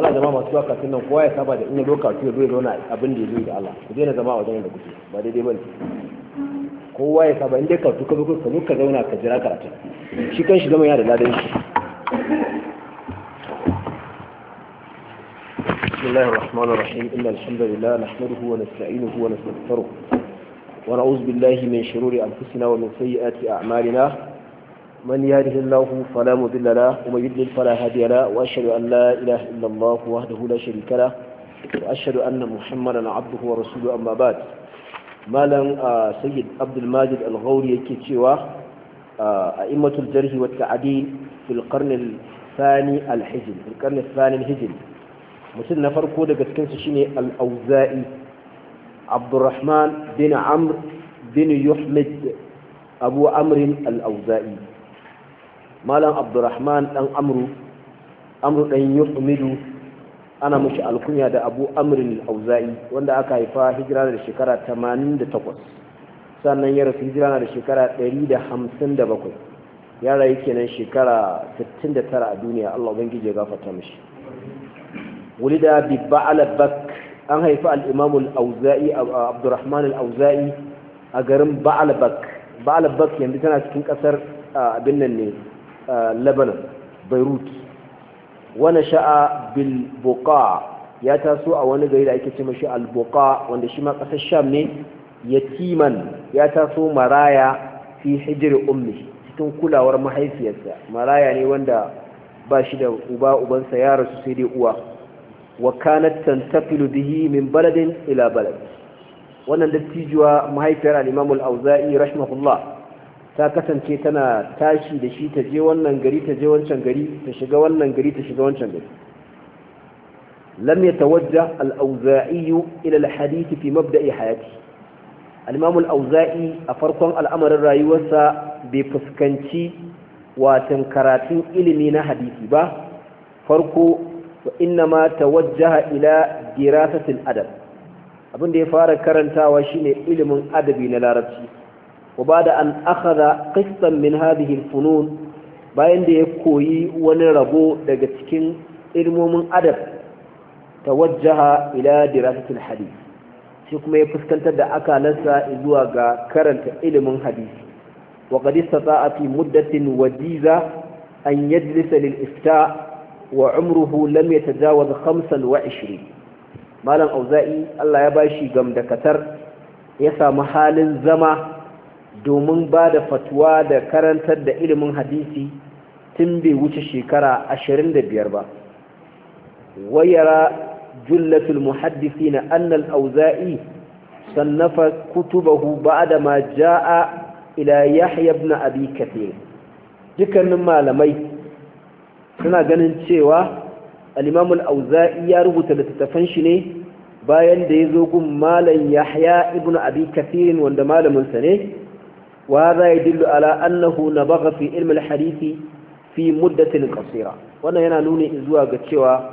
kala zama masu zuwa kafin nan kowa ya saba da in doka ya zo zauna abin da ya zo da Allah ku daina zama a wajen da kuke ba daidai ne. kowa ya saba in dai ka zuku ka ka zauna ka jira karatu shi kan shi zama yana da ladan shi بسم الله الرحمن الرحيم إن الحمد لله نحمده ونستعينه ونستغفره ونعوذ بالله من شرور أنفسنا ومن سيئات أعمالنا من يهده الله فلا مضل له ومن يضلل فلا هادي له واشهد ان لا اله الا الله وحده لا شريك له واشهد ان محمدا عبده ورسوله اما بعد مالن سيد عبد الماجد الغوري yake cewa a'immatul jarh wa ta'dil fil qarn al-thani al-hijri fil qarn al-thani al-hijri mutum na farko daga cikin su shine al-auza'i Abdurrahman bin Amr bin Abu Amr al-Auza'i malam abdurrahman dan amru amru dan yuhmidu ana mashi alkunya da abu amrin auza'i wanda aka haifa hijira da shekara 88 sannan ya rasu hijira da shekara 157 ya rayu kenan shekara 69 a duniya Allah ubangiji ya gafarta mishi wulida bi ba'al bak an haifa al-imam al-auza'i abdurrahman al-auza'i a garin ba'al bak ba'al bak yanzu tana cikin kasar abin nan ne lebanon beirut wani sha'a bilboka ya taso a wani gari da ake ce mashi alboka wanda shi ma ƙasar sham ne yatiman ya taso maraya fi hijir ummi cikin kulawar mahaifiyarsa maraya ne wanda ba shi da uba ubansa ya rasu sai dai uwa wa kanat tantafilu bihi min baladin ila balad wannan dattijuwa mahaifiyar al-imam auzai rahimahullah ta kasance tana tashi da shi ta je wannan gari ta je wancan gari ta shiga wannan gari ta shiga wancan gari lam yatawajja al-awza'i ila al-hadith fi mabda'i hayati al-imam al-awza'i a farkon al'amarin rayuwarsa bai fuskanci watan karatun ilimi na hadisi ba farko wa inna ma tawajjaha ila dirasatil adab abin da ya fara karantawa shine ilimin adabi na larabci وبعد أن أخذ قصا من هذه الفنون bayan da ya koyi wani rabo daga cikin ilmomin adab wajaha ila dirasatul hadis shi kuma ya fuskantar da akalansa zuwa ga karanta ilimin hadisi wa qad istata'a fi muddatin wajiza an yajlisa lil ifta wa umruhu lam yatajawaz 25 malam auza'i Allah ya bashi gamdakatar ya samu halin zama domin ba da fatuwa da karantar da ilimin hadisi tun bai wuce shekara ashirin da biyar ba wayara jullatul muhaddisi na annal auza'i sannafa kutubahu ba da ma ja'a ila yahya ibn abi kathir dukkanin malamai suna ganin cewa al-imam auzai ya rubuta littattafan shi ne bayan da ya zo gun malam yahya ibn abi kathir wanda malaminsa ne وهذا يدل على أنه نبغ في علم الحديث في مدة قصيرة وانا yana in zuwa ga cewa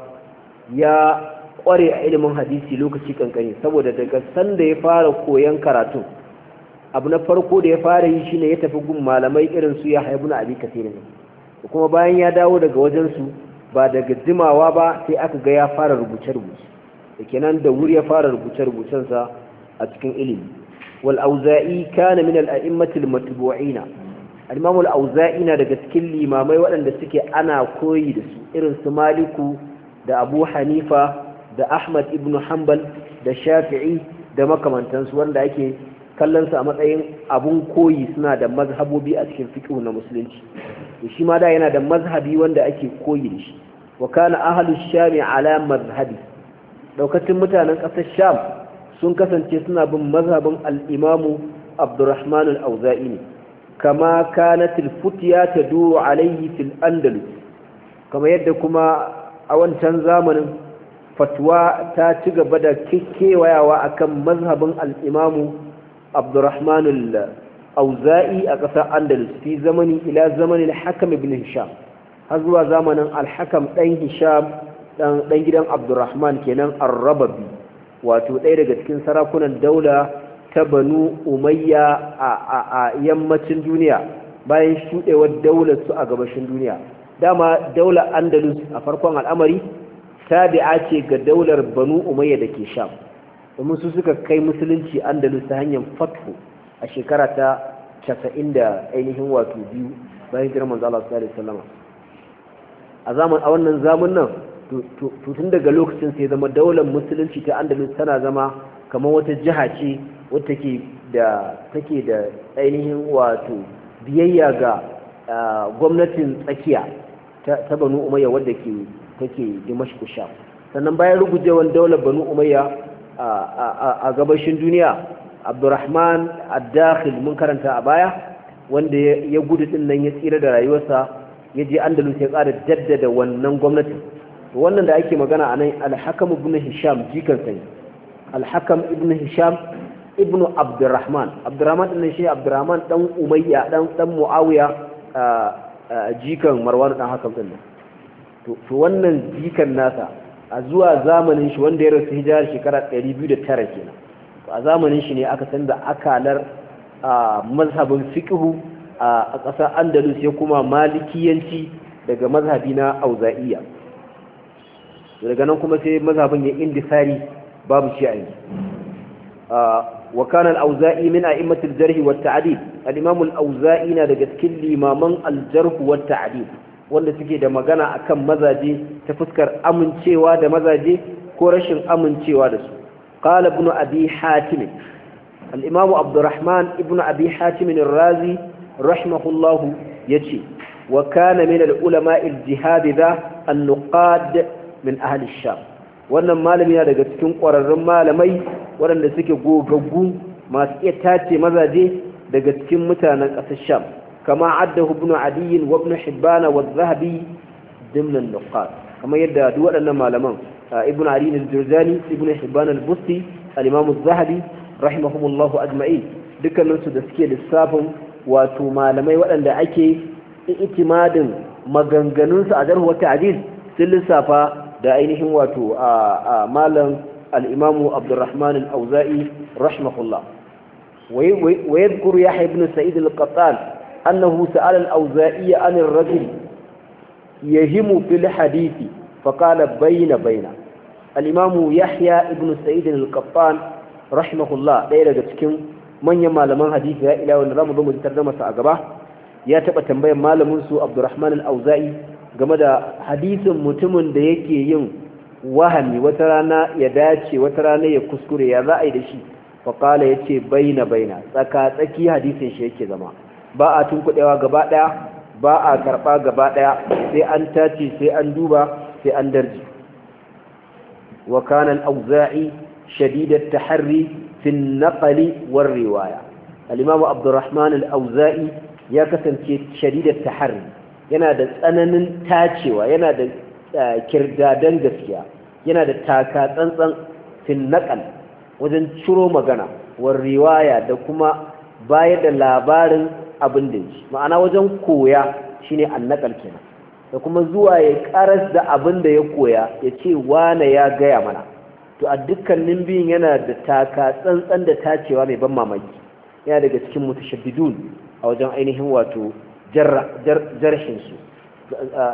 ya kware a ilimin hadisi lokaci kankani saboda daga sanda ya fara koyon karatun abu na farko da ya fara yi shine ya tafi gun malamai irin su ya haibu na abi kasirin kuma bayan ya dawo daga wajen su ba daga jimawa ba sai aka ga ya fara rubuce-rubuce da kenan da wuri ya fara rubuce sa a cikin ilimi والأوزائي كان من الأئمة المتبوعين الإمام na daga cikin limamai waɗanda suke ana koyi da su irin su Maliku da Abu Hanifa da Ahmad ibn Hanbal da Shafi'i da makamantansu wanda ake kallon a matsayin abun koyi suna da mazhabobi a cikin fiqh na musulunci shi ma da yana da mazhabi wanda ake koyi da shi wa kana ahlu shami ala mazhabi daukatin mutanen ƙasar sham sun kasance suna bin mazhabin al'imamu abdurrahman al'auza'i ne kama kana futiya ta duru alaihi fil andalus kama yadda kuma a wancan zamanin fatwa ta ci gaba da kewayawa akan mazhabin al'imamu abdurrahman al'auza'i a ƙasar andalus fi zamani ila zamanin hakam ibn hisham har zuwa zamanin alhakam ɗan hisham ɗan gidan abdurrahman kenan arrababi wato ɗaya daga cikin sarakunan daula ta banu umayya a yammacin duniya bayan shuɗewar daular su a gabashin duniya dama daular andalus a farkon al'amari tabi'a ce ga daular banu umayya da ke sham domin su suka kai musulunci andalus ta hanyar fatho a shekara ta casa'in da ainihin wato biyu bayan girman zala su a a wannan zamun nan to daga lokacin sai zama daular musulunci ta andalus tana zama kamar wata jiha ce wadda ke da take da ainihin wato biyayya ga gwamnatin tsakiya ta banu umayya wadda ke take dimashku sha sannan bayan rugujewan daular banu umayya a gabashin duniya abdurrahman ad-dakhil mun karanta a baya wanda ya gudu din nan ya tsira da rayuwarsa ya je andalus ya ƙara jaddada wannan gwamnatin to wannan da ake magana a nan alhakam ibn hisham jikan sai alhakam ibn hisham ibn abdurrahman abdurrahman din shi abdurrahman dan umayya dan dan muawiya jikan marwan dan hakan din to to wannan jikan nasa a zuwa zamanin shi wanda ya rasu hijira shekara 209 kenan a zamanin shi ne aka san da akalar mazhabin fiqhu a ƙasar andalus ya kuma malikiyanci daga mazhabi na auza'iyya daga nan kuma sai mazhabin ya indisari babu shi a yi wa kana al-auza'i min a'immatil jarh wa ta'dil al-imam al-auza'i na daga cikin limaman al-jarh wa ta'dil wanda suke da magana akan mazaje ta fuskar amincewa da mazaje ko rashin amincewa da su qala ibn abi hatim al-imam abdurrahman ibn abi hatim ar-razi rahimahullah yace wa kana min al-ulama al-jihad da an-nuqad min ahli sham wannan malami na daga cikin kwararrun malamai waɗanda suke gogaggu masu iya tace mazaje daga cikin mutanen ƙasar sham kama addahu ibn adiy wa ibn wa zahabi dimnan nuqat kama yadda duk waɗannan malaman ibn adiy al-jurjani ibn hibban al-busti al-imam az-zahabi rahimahumullah ajma'in dukkaninsu da suke lissafin wato malamai waɗanda ake itimadin maganganunsu a jarhuwar ta'aziz sun lissafa da ainihin wato a malam al'imamu abdurrahman al'auza'i rahimahullah wa yadhkuru yahya ibn sa'id al-qattan annahu sa'ala al-auza'i an ar-rajul yahimu fil hadithi fa qala bayna bayna ya imamu yahya ibn sa'id al-qattan rahimahullah ɗaya daga cikin manyan malaman hadithi ya ila wanda zamu zo mu tarjuma sa a gaba ya taba tambayar malamin su abdurrahman al-auza'i game da hadisin mutumin da yake yin wahami wata rana ya dace wata rana ya kuskure ya za a yi da shi faƙala ya ce baina baina tsaka tsaki hadisin shi yake zama ba a tunkuɗewa gaba ɗaya ba a karɓa gaba ɗaya sai an tace sai an duba sai an darji wa kana auzai shadid taharri tahri fi an war riwaya al-imam abdurrahman al-auza'i ya kasance shadid taharri yana da tsananin tacewa yana da eh, dan gaskiya yana da taka tsantsan fin naqal wajen ciro magana war riwaya da kuma bayar da labarin abin da shi ma'ana wajen koya shine annakal kenan da kuma zuwa ya karas da abin da ya koya ya ce wane ya gaya mana to a dukkanin biyun yana da taka tsantsan da tacewa mai ban mamaki yana daga cikin mutashaddidun a wajen ainihin wato jarhinsu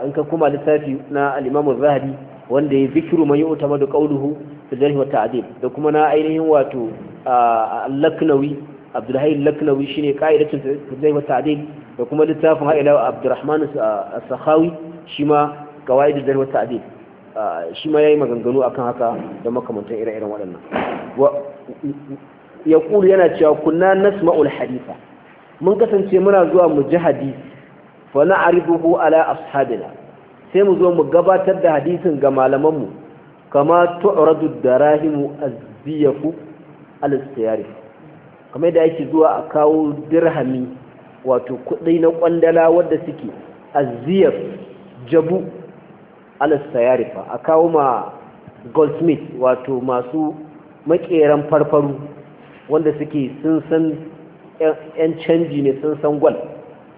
in ka kuma littafi na alimamun zahari wanda ya zikiru mai yi'uta madu ƙauluhu da jarhi wa ta'adil da kuma na ainihin wato laknawi abdullahi laknawi shi ne ƙa'idatun jarhi wa ta'adil da kuma littafin ha'ilawa abdurrahman sakhawi shi ma kawai da jarhi wa ta'adil shi ma ya yi maganganu akan haka da makamantan ire-iren waɗannan ya ƙulu yana cewa kunna nasma'ul haditha mun kasance muna zuwa mu ji hadisi fa na'riduhu ala ashabina sai mu zo mu gabatar da hadisin ga malamanmu kama tu'radu darahimu azbiyafu al istiyari kamar yadda yake zuwa a kawo dirhami wato kudi na kwandala wanda suke azbiyaf jabu al fa a kawo ma goldsmith wato masu makeran farfaru wanda suke sun san 'yan canji ne sun san gwal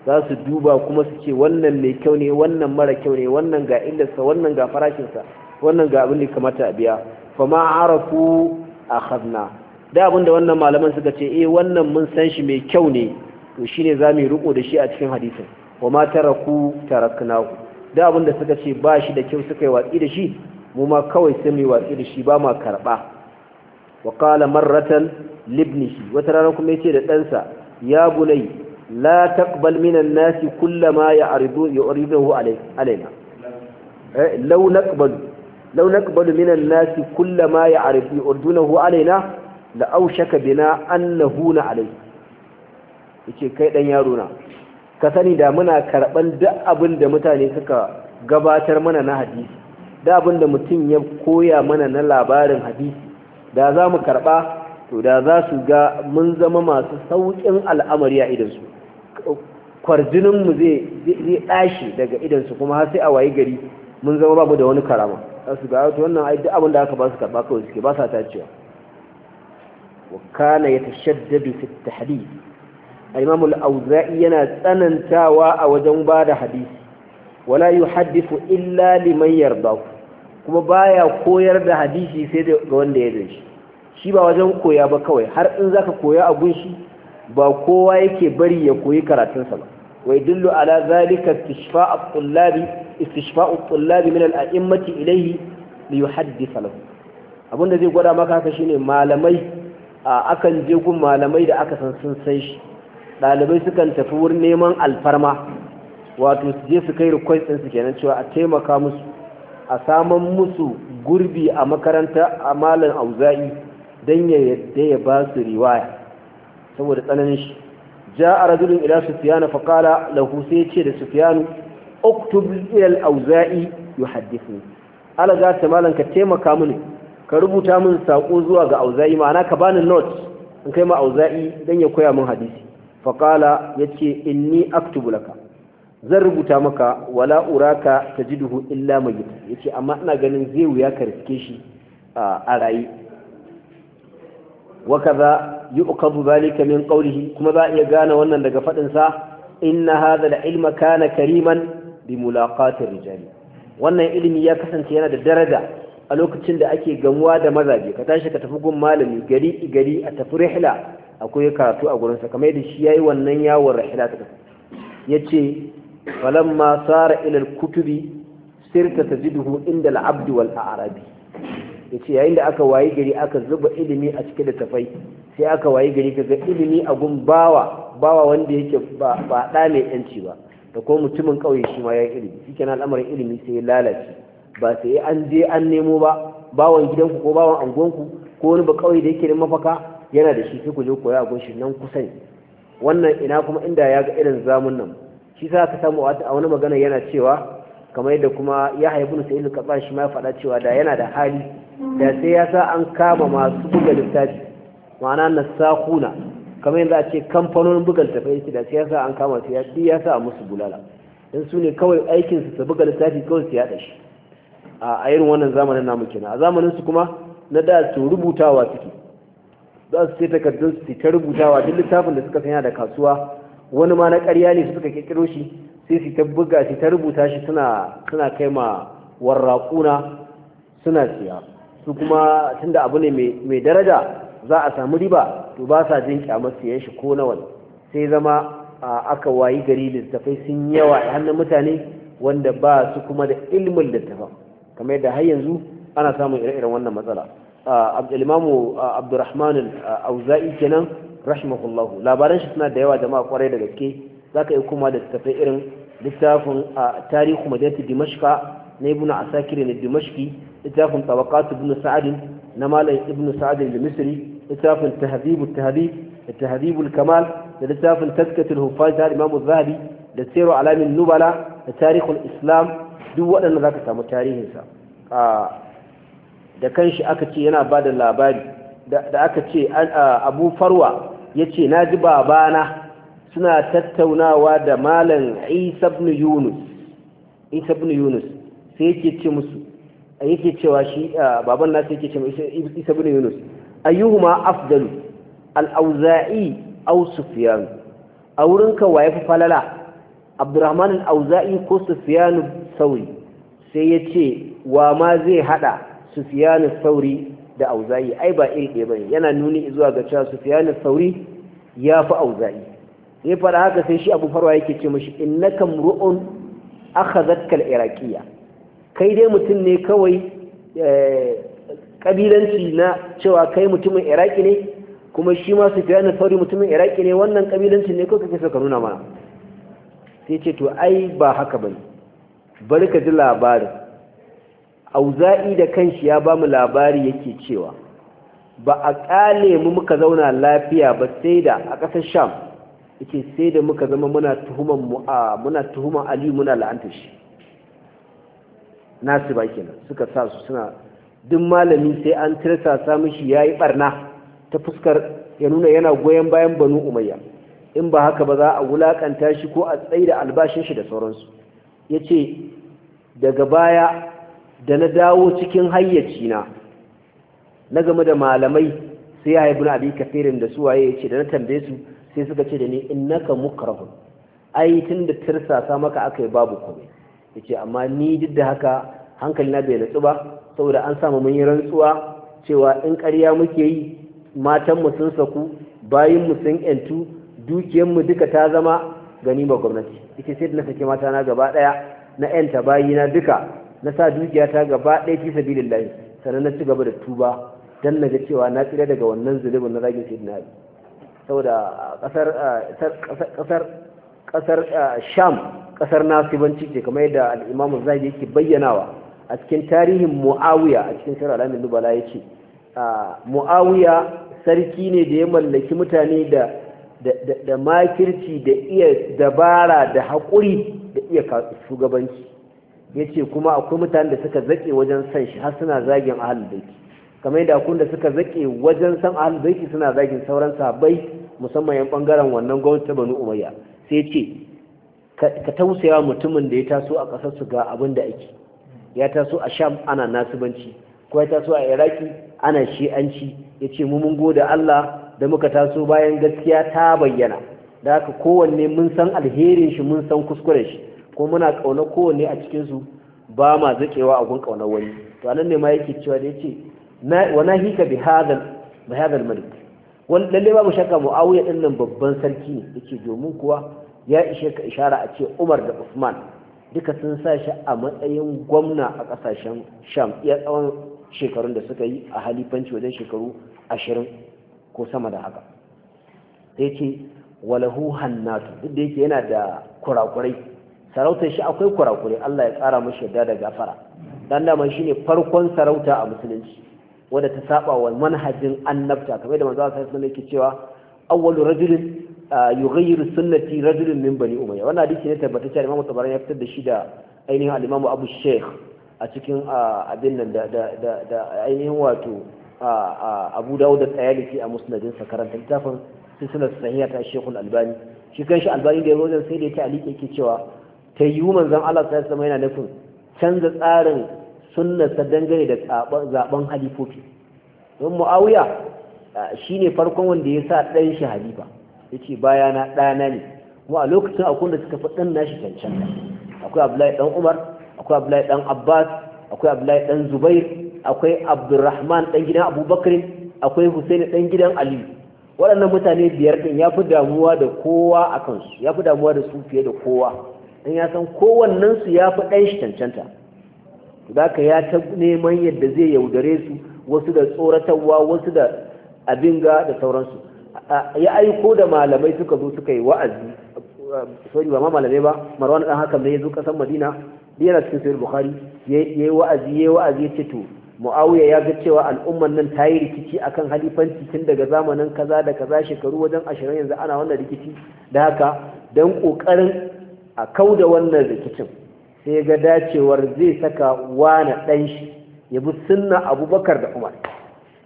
za su duba kuma su ce wannan mai kyau ne wannan mara kyau ne wannan ga illarsa wannan ga farashinsa wannan ga abin da kamata a biya fa ma arafu akhadna da abinda wannan malaman suka ce eh wannan mun san shi mai kyau ne to shine za yi riko da shi a cikin hadisin wa ma taraku taraknahu da abinda suka ce ba shi da kyau suka yi watsi da shi mu ma kawai sai mu watsi da shi ba ma karba wa qala marratan libnihi wata rana kuma yace da ɗansa ya bulai la taqbal minan nasi kullama ya'ridu yu'riduhu alaina لو نقبل لو نقبل من minan nasi ما ya'ridu yu'riduhu alaina la aushaka bina annahu na alai yace kai dan yaro na ka sani da muna karban duk abin da mutane suka gabatar mana na hadisi da abin da mutum ya koya mana na labarin hadisi da za mu karba to da za su ga mun zama masu sauƙin al'amari a idansu kwarjininmu zai ɗashi daga idansu kuma har sai a wayi gari mun zama babu da wani karama za su ga wato ah, wannan ai duk abin da aka ba su karɓa kawai suke ba sa tacewa wa kana ya tashaddadu fi tahdid al-imam al awzai yana tsanantawa a wajen ba da hadisi wala yuhaddithu illa liman yarda kuma baya koyar da hadisi sai ga wanda ya dace shi ba wajen koya ba kawai har in zaka koya a shi ba kowa yake bari ya koyi karatunsa ba Wai dillu ala zalika istishfa'u at-tullabi istishfa'u at-tullabi min al-a'immati ilayhi li yuhaddith lahu da zai gwada maka haka shine malamai akan je gun malamai da aka san sun san shi dalibai sukan tafi wurin neman alfarma wato su je su kai request din su kenan cewa a taimaka musu a saman musu gurbi a makaranta a malam auza'i Dan ya yadda ya ba su riwaya saboda tsananin shi ja a rajulun ila sufiyanu faƙala lahu sai ce da sufiyanu oktub ilal auza'i yu haddifu ala za ta malan ka taimaka mini ka rubuta min saƙo zuwa ga auza'i ma'ana ka bani not in kai ma auza'i dan ya koya min hadisi faƙala ya ce inni aktubu laka zan rubuta maka wala uraka ta ji duhu illa mai ya ce amma ina ganin zai wuya ka riske shi a rayu وكذا يؤخذ ذلك من قوله كما ذا gane wannan daga fadin sa inna hadha al-ilma kana kariman bi mulaqati rijal wannan ilimi ya kasance yana da daraja a lokacin da ake gamuwa da mazaje ka tashi ka tafi gun malami gari gari a tafi rihla akwai karatu a gurin sa kamar da shi yayi wannan yawon rihla ta yace falamma sara ila al-kutubi sirta tajiduhu inda al-abd wal-arabi ya ce yayin da aka wayi gari aka zuba ilimi a cike da tafai sai aka wayi gari ka ga ilimi a gun bawa bawa wanda yake ba ɗa mai yanci ba da kuma mutumin kauye shi ma ya ilimi shi kenan al'amarin ilimi sai ya lalace ba sai an je an nemo ba bawan gidanku ko bawan anguwanku ko wani ba ƙauye da yake da mafaka yana da shi sai ku je koya a shi nan kusan wannan ina kuma inda ya ga irin zamun nan shi sa ka samu a wani magana yana cewa kamar yadda kuma ya haibu sai ilu kaɓa shi ma faɗa cewa da yana da hali da sai ya sa an kama masu buga littafi ma'ana na sakuna kamar yadda a ce kamfanonin buga littafi da sai ya sa an kama su ya ya sa musu bulala don su ne kawai aikinsu su buga littafi kawai su yaɗa shi a irin wannan zamanin namu kenan a zamanin su kuma na da su rubutawa suke za su ce takardun su ta rubutawa duk littafin da suka sanya da kasuwa wani ma na ƙarya ne suka kirkiro shi sai su ta buga shi ta rubuta shi suna kai ma warraƙuna suna siya su kuma tunda abu ne mai daraja za a samu riba to ba sa jin kyamar siyan shi ko nawa sai zama aka wayi gari littafai sun yawa a hannun mutane wanda ba su kuma da ilmin littafan kamar yadda har yanzu ana samun ire-iren wannan matsala imamu abdurrahman auza'i kenan rahimahullahu labaran shi suna da yawa jama'a kwarai da gaske za ka yi kuma da tafai irin littafin a tarihu madinatu dimashka na ibn asakir ne dimashki littafin tabaqat ibn sa'ad na malam ibn sa'ad da misri littafin tahdhib at-tahdhib at-tahdhib al-kamal da littafin tazkiyat al-huffaz da imam az-zahabi da sirru alamin nubala da tarihul islam duk waɗanda za ka samu tarihinsa da kanshi aka ce yana ba da labari da aka ce abu farwa ya ce na ji babana suna tattaunawa da malam Isa ibn Yunus Isa ibn Yunus sai yake ce musu yake cewa shi baban nasu yake ce Isa ibn Yunus ayyuhuma afdalu al-Auza'i aw Sufyan a wurin ka waye fa falala Abdurrahman al-Auza'i ko Sufyan Sauri sai yace wa ma zai hada Sufyan Sauri da Auza'i ai ba iri ɗaya bane yana nuni zuwa ga cewa Sufyan Sauri ya fi Auza'i sai faɗa haka sai shi abu farwa yake ce mashi inna ru'un aka al-iraqiyya kai dai mutum ne kawai kabilanci eh, na cewa kai mutumin iraki ne kuma shi ma na sauri mutumin iraki ne wannan ƙabilancin ne kawai kake so ka nuna mana sai ce to ai ba haka bane bari ka ji labarin auza'i da kanshi ya bamu labari yake cewa ba a kale mu muka zauna lafiya ba sai da a ƙasar sham yake sai da muka zama muna tuhuman mu muna tuhuman ali muna la'anta shi nasu ba kenan suka sa su suna duk malami sai an tirsa sa mishi yayi barna ta fuskar ya nuna yana goyen bayan banu umayya in ba haka ba za a wulakanta shi ko a da albashin shi da sauransu yace daga baya da na dawo cikin hayyacina na game da malamai sai ya haibu na abin kafirin da suwaye ya ce da na tambaye su sai suka ce da ni in innaka mukrahun ai tun da tirsasa maka aka yi babu komai yace amma ni duk da haka hankali na bai natsu ba saboda an samu mun yi rantsuwa cewa in ƙarya muke yi matan mu sun saku bayin mu sun yantu dukiyar mu duka ta zama gani ma gwamnati yace sai da na sake mata na gaba daya na yanta bayina duka na sa dukiyata gaba daya fi sabilillahi sannan na ci gaba da tuba dan naga cewa na tsira daga wannan zulubin na zagin sayyidina Ali saboda kasar sham kasar nasibanci ce kamar yadda al'imamu zai yake bayyanawa a cikin tarihin mu'awiya a cikin shirar alamun nubala ya ce mu'awiya sarki ne da ya mallaki mutane da makirci da iya dabara da haƙuri da iya shugabanci ya ce kuma akwai mutane da suka zaƙe wajen san shi har suna zagin ahalin daiki kamar yadda kun da suka zake wajen san ahlul baiti suna zagin sauran sahabbai musamman yan bangaren wannan gwamnati ta banu umayya sai ce ka tausaya mutumin da ya taso a ƙasar su ga abin da ake ya taso a sham ana nasibanci ko ya taso a iraki ana shi'anci ya ce mu mun gode allah da muka taso bayan gaskiya ta bayyana da haka kowanne mun san alherin shi mun san kuskuren shi ko muna ƙauna kowanne a cikin su ba ma zakewa a gun ƙaunar wani to anan ne ma yake cewa da ya wa nahika bi hadha bi hadha al-malik wal babu din nan babban sarki ne yake domin kuwa ya ishe ka ishara a ce Umar da Usman duka sun sa shi a matsayin gwamna a kasashen Sham iya tsawon shekarun da suka yi a halifanci wajen shekaru 20 ko sama da haka sai ce walahu hannatu duk da yake yana da kurakurai sarautar shi akwai kurakurai Allah ya tsara mashi yadda da gafara dan da shine farkon sarauta a musulunci wadda ta saba wa manhajin annabta kamar da manzo sai sallallahu yake cewa awwalu rajulin yughayyiru sunnati rajulin min bani umayya wannan hadisi ne tabbatacce Imamu Tabarani ya fitar da shi da ainihin al imamu Abu Sheikh a cikin abin nan da ainihin wato Abu Dawud da Tayalisi a musnadin sa karanta littafin suna sahiha ta Sheikh Al-Albani shi kanshi Albani da yazo sai da ya ta alike yake cewa tayyuman zan Allah sai sama yana nufin canza tsarin sunnar sa dangane da zaben halifofi don mu'awiya shi ne farkon wanda ya sa ɗan shi halifa ya ce bayana ɗana ne kuma a lokacin akwai da suka fi ɗan nashi cancanta akwai abdullahi ɗan umar akwai abdullahi ɗan abbas akwai abdullahi ɗan zubair akwai abdurrahman ɗan gidan abubakar akwai husaini ɗan gidan aliyu waɗannan mutane biyar ɗin ya fi damuwa da kowa a kansu ya fi damuwa da su fiye da kowa dan ya san kowannensu ya fi ɗan shi cancanta zaka ya ta neman yadda zai yaudare su wasu da tsoratarwa wasu da abin ga da sauransu ya aiko da malamai suka zo suka yi wa'azi sorry ba ma malamai ba marwan dan haka ne yazo zo kasan madina yana cikin sahih bukhari yayi wa'azi yayi wa'azi ya ce to muawiya ya ga cewa al'umman nan ta yi rikici akan halifanci tun daga zamanin kaza da kaza shekaru wajen ashirin yanzu ana wannan rikici da haka don ƙoƙarin a kauda wannan rikicin sai ga dacewar zai saka wana ɗan shi ya bi sunna abubakar da umar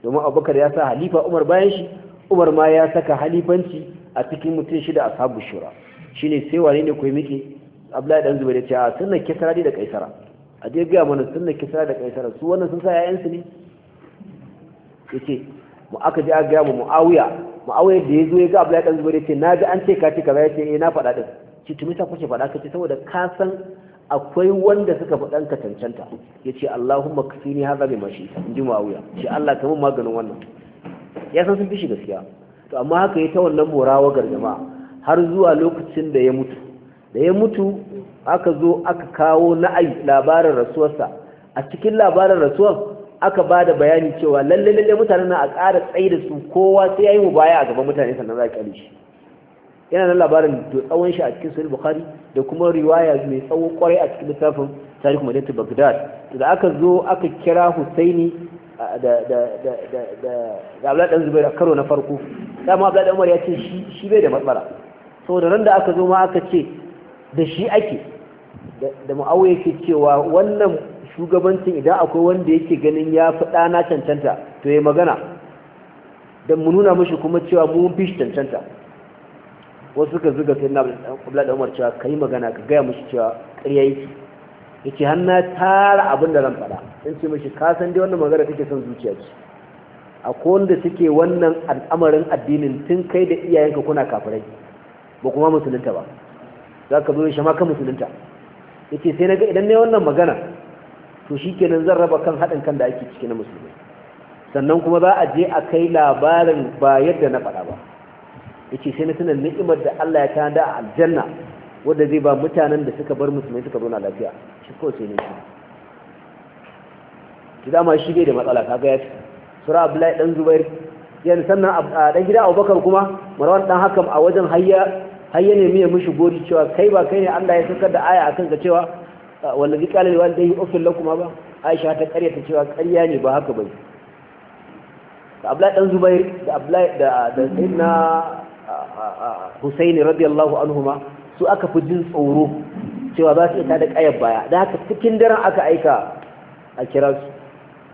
domin abubakar ya sa halifa umar bayan shi umar ma ya saka halifanci a cikin mutum shida a sabu shura shine sai wane ne kuwa miki abdullahi ɗan zubair ya ce a sunna ne da kaisara a je gaya mana sunna Kisara da kaisara su wannan sun sa yayansu ne yace mu aka ji a gaya mu muawiya muawiya da zo ya ga abdullahi ɗan zubair ya ce ga an ce ka ce kaza ya ce eh na faɗa ɗin ci tumi sa kuke faɗa ce saboda ka san akwai wanda suka fi ɗanka cancanta ya ce Allahumma kafini haza mai mashi in ji ma'auya shi Allah ka mun maganin wannan ya san sun fi shi gaskiya to amma haka ya ta wannan morawa gargama har zuwa lokacin da ya mutu da ya mutu aka zo aka kawo na'ai labarin rasuwarsa a cikin labarin rasuwar aka ba da bayani cewa lallai-lallai, mutane na a ƙara tsaye da su kowa sai ya yi mu baya a gaban mutane sannan za a ƙyale shi yana nan labarin to tsawon shi a cikin sahih bukhari da kuma riwaya mai tsawon kwarai a cikin littafin tarihi madinatu bagdad da aka zo aka kira husaini da da da da da abla dan zubair a karo na farko dama abla umar ya ce shi shi bai da matsala saboda ran da aka zo ma aka ce da shi ake da mu'awiya yake cewa wannan shugabancin idan akwai wanda yake ganin ya fi ɗana cancanta to ya magana don mu nuna mashi kuma cewa mun fi cancanta wasu ka zuga sai na abla da umar cewa ka yi magana ka gaya mashi cewa ƙarya yake ya ce hannu tara abin da zan faɗa in ce mashi ka san dai wannan magana take son zuciya ce a wanda suke wannan al'amarin addinin tun kai da iyayenka kuna kafirai ba kuma musulunta ba za ka zo shi kan musulunta ya ce sai na ga idan ne wannan magana to shi kenan zan raba kan haɗin kan da ake ciki na musulmi sannan kuma za a je a kai labarin ba yadda na faɗa ba yace sai na tuna ni'imar da Allah ya da a aljanna wanda zai ba mutanen da suka bar musulmai suka zauna lafiya shi ko sai ne shi dama shi bai da matsala kaga ya sura abdullahi dan zubair yanzu sannan a dan gida abubakar kuma marwan dan hakan a wajen hayya hayya ne miya mishi gori cewa kai ba kai ne Allah ya saka da aya akan ka cewa wallazi qala li walidayhi uffil lakuma ba aisha ta karya ta cewa karya ne ba haka bai da abdullahi dan zubair da abdullahi da da sayyidina Husaini radiyallahu anhuma su aka fi jin tsoro cewa za su ita da ƙayar baya da haka cikin daren aka aika a kira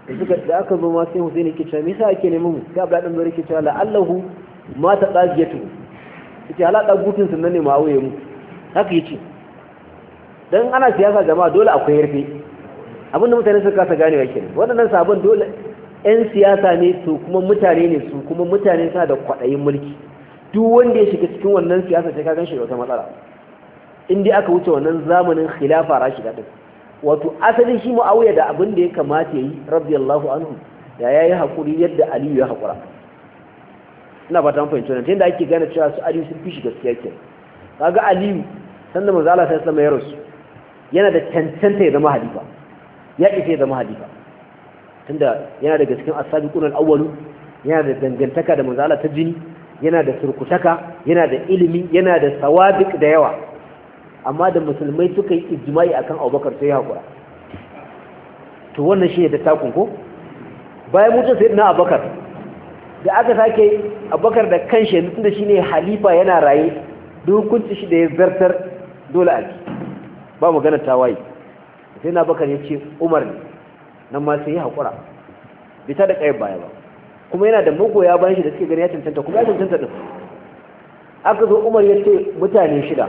su da aka zo ma sai Husaini ke cewa yasa ake neman mu ga Abdul Adam ke cewa la'allahu ma ta tsajiyatu yace halaka gutun sun ne ma waye mu haka yace dan ana siyasa jama'a dole akwai yarfe abinda mutane suka kasa ganewa kenan waɗannan sabon dole 'yan siyasa ne su kuma mutane ne su kuma mutane sa da kwaɗayin mulki duk wanda ya shiga cikin wannan siyasa sai ka gan shi da wata matsala in dai aka wuce wannan zamanin khilafa da din wato asalin shi muawiya da abin da ya kamata yi radiyallahu anhu da ya yi hakuri yadda aliyu ya hakura ina ba ta fahimci wannan tunda ake gane cewa su aliyu sun fi shi gaskiya ke kaga aliyu sanda manzo Allah sallallahu alaihi wasallam ya rasu yana da cancanta ya zama halifa ya ƙi ya zama halifa tunda yana daga cikin as-sabiqun al-awwalun yana da dangantaka da manzo Allah ta jini yana da surkutaka yana da ilimi yana da sawabik da yawa amma da musulmai suka yi ijma'i akan abubakar sai hakura to wannan shi ne da takun ko bayan mutum sai na abubakar da aka sake abubakar da kanshi yanzu shi shine halifa yana raye duk kunci shi da ya zartar dole a ji ba magana tawaye sai na abubakar ya ce umar ne nan ma sai hakura bita da kayan baya ba kuma yana da magoya bayan shi da suke gani ya cancanta kuma ya cancanta din aka zo umar ya ce mutane shida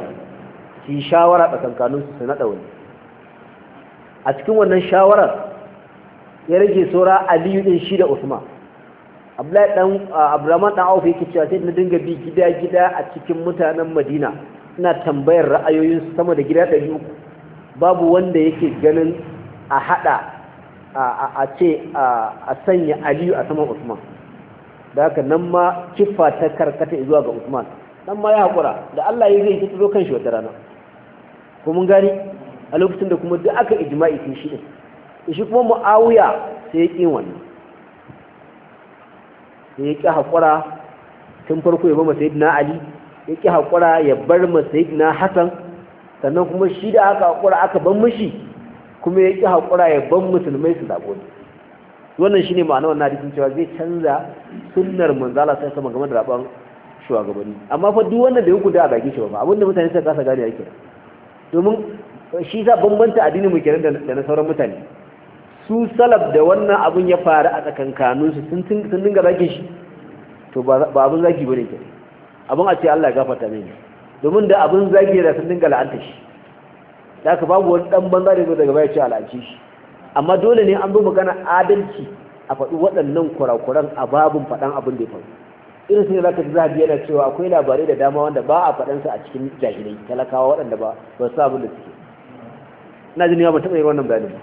su yi shawara tsakankanin su su naɗa wani a cikin wannan shawarar ya rage saura aliyu ɗin shi da usman abdullahi dan abdurrahman dan auf yake cewa sai na dinga bi gida gida a cikin mutanen madina ina tambayar ra'ayoyin sama da gida ɗari uku babu wanda yake ganin a haɗa a ce a sanya aliyu a saman usman da haka nan ma kiffa ta karkata zuwa ga Usman dan ma ya hakura da Allah ya zai fito kan shi wata rana ko mun gani a lokacin da kuma duk aka ijma'i kin shi din shi kuma Muawiya sai ya kin wannan sai ya ki hakura tun farko ya bar sayyidina Ali ya ki hakura ya bar ma sayyidina Hassan sannan kuma shi da aka hakura aka bar mishi kuma ya ki hakura ya ban musulmai su zabo wannan shine ma'anar wannan hadisin cewa zai canza sunnar manzala sai sama game da rabon shugabanni amma fa duk wannan da ya a baki shi ba abinda mutane suka kasa gane yake domin shi za bambanta addinin mu kenan da na sauran mutane su salaf da wannan abun ya faru a tsakankanin su sun sun dinga zakin shi to ba abun zaki bane ke. abun a ce Allah ya gafarta mini domin da abun zaki da sun dinga la'anta shi da ka babu wani dan banza da zo daga baya ce al'anci shi amma dole ne an bi magana adalci a faɗi waɗannan kurakuran a babun faɗan abin da ya faru irin sun zaka zahabi yana cewa akwai labarai da dama wanda ba a faɗansa a cikin jahilai talakawa waɗanda ba ba su abin da suke na jini ba taɓa yin wannan bayanin ba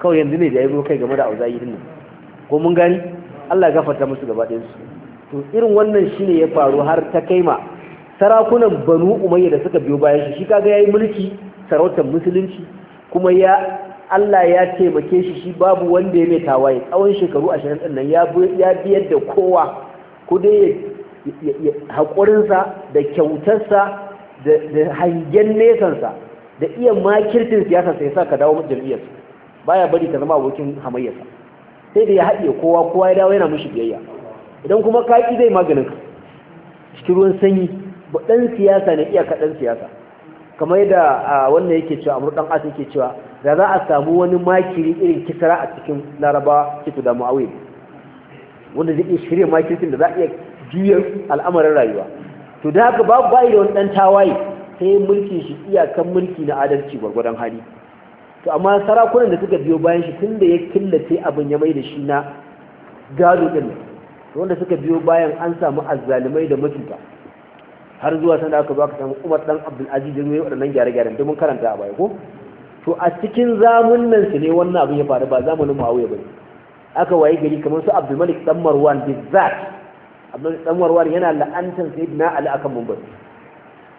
kawai yanzu ne da ya zo kai game da auzayi din nan ko mun gani Allah ya gafarta musu gaba ɗayan su to irin wannan shine ya faru har ta kaima sarakunan banu umayya da suka biyo bayan shi shi kaga yayi mulki sarautar musulunci kuma ya Allah ya taimake shi shi babu wanda ya mai tawaye tsawon shekaru ashirin ɗin nan ya biyar da kowa ku dai haƙurinsa da kyautarsa da hangen nesansa da iya makirtin siyasa sai sa ka dawo ba baya bari ta zama abokin hamayyarsa sai da ya haɗe kowa kowa ya dawo yana mushi biyayya idan kuma ka ƙi zai maganin ka cikin ruwan sanyi ba ɗan siyasa ne iyaka ɗan siyasa kamar yadda wannan yake cewa amur asa yake cewa da za a samu wani makiri irin kisra a cikin laraba kitu da mu'awiyya wanda zai iya shirya makirkin da za a iya juya al'amarin rayuwa to da haka babu bayi da wani dan tawaye sai mulki shi iyakan mulki na adalci gwargwadon hali to amma sarakunan da suka biyo bayan shi tun da ya killace abin ya mai da shi na gado din to wanda suka biyo bayan an samu azzalumai da mutunta har zuwa sanda aka zo aka samu Umar dan Abdul Aziz da waɗannan gyare-gyaren domin karanta a baya ko to a cikin zamunan su ne wannan abin ya faru ba zamanin Muawiya bane aka waye gari kamar su Abdul Malik dan Marwan bizzat Abdul dan Marwan yana la'antan Sayyidina Ali akan mumbar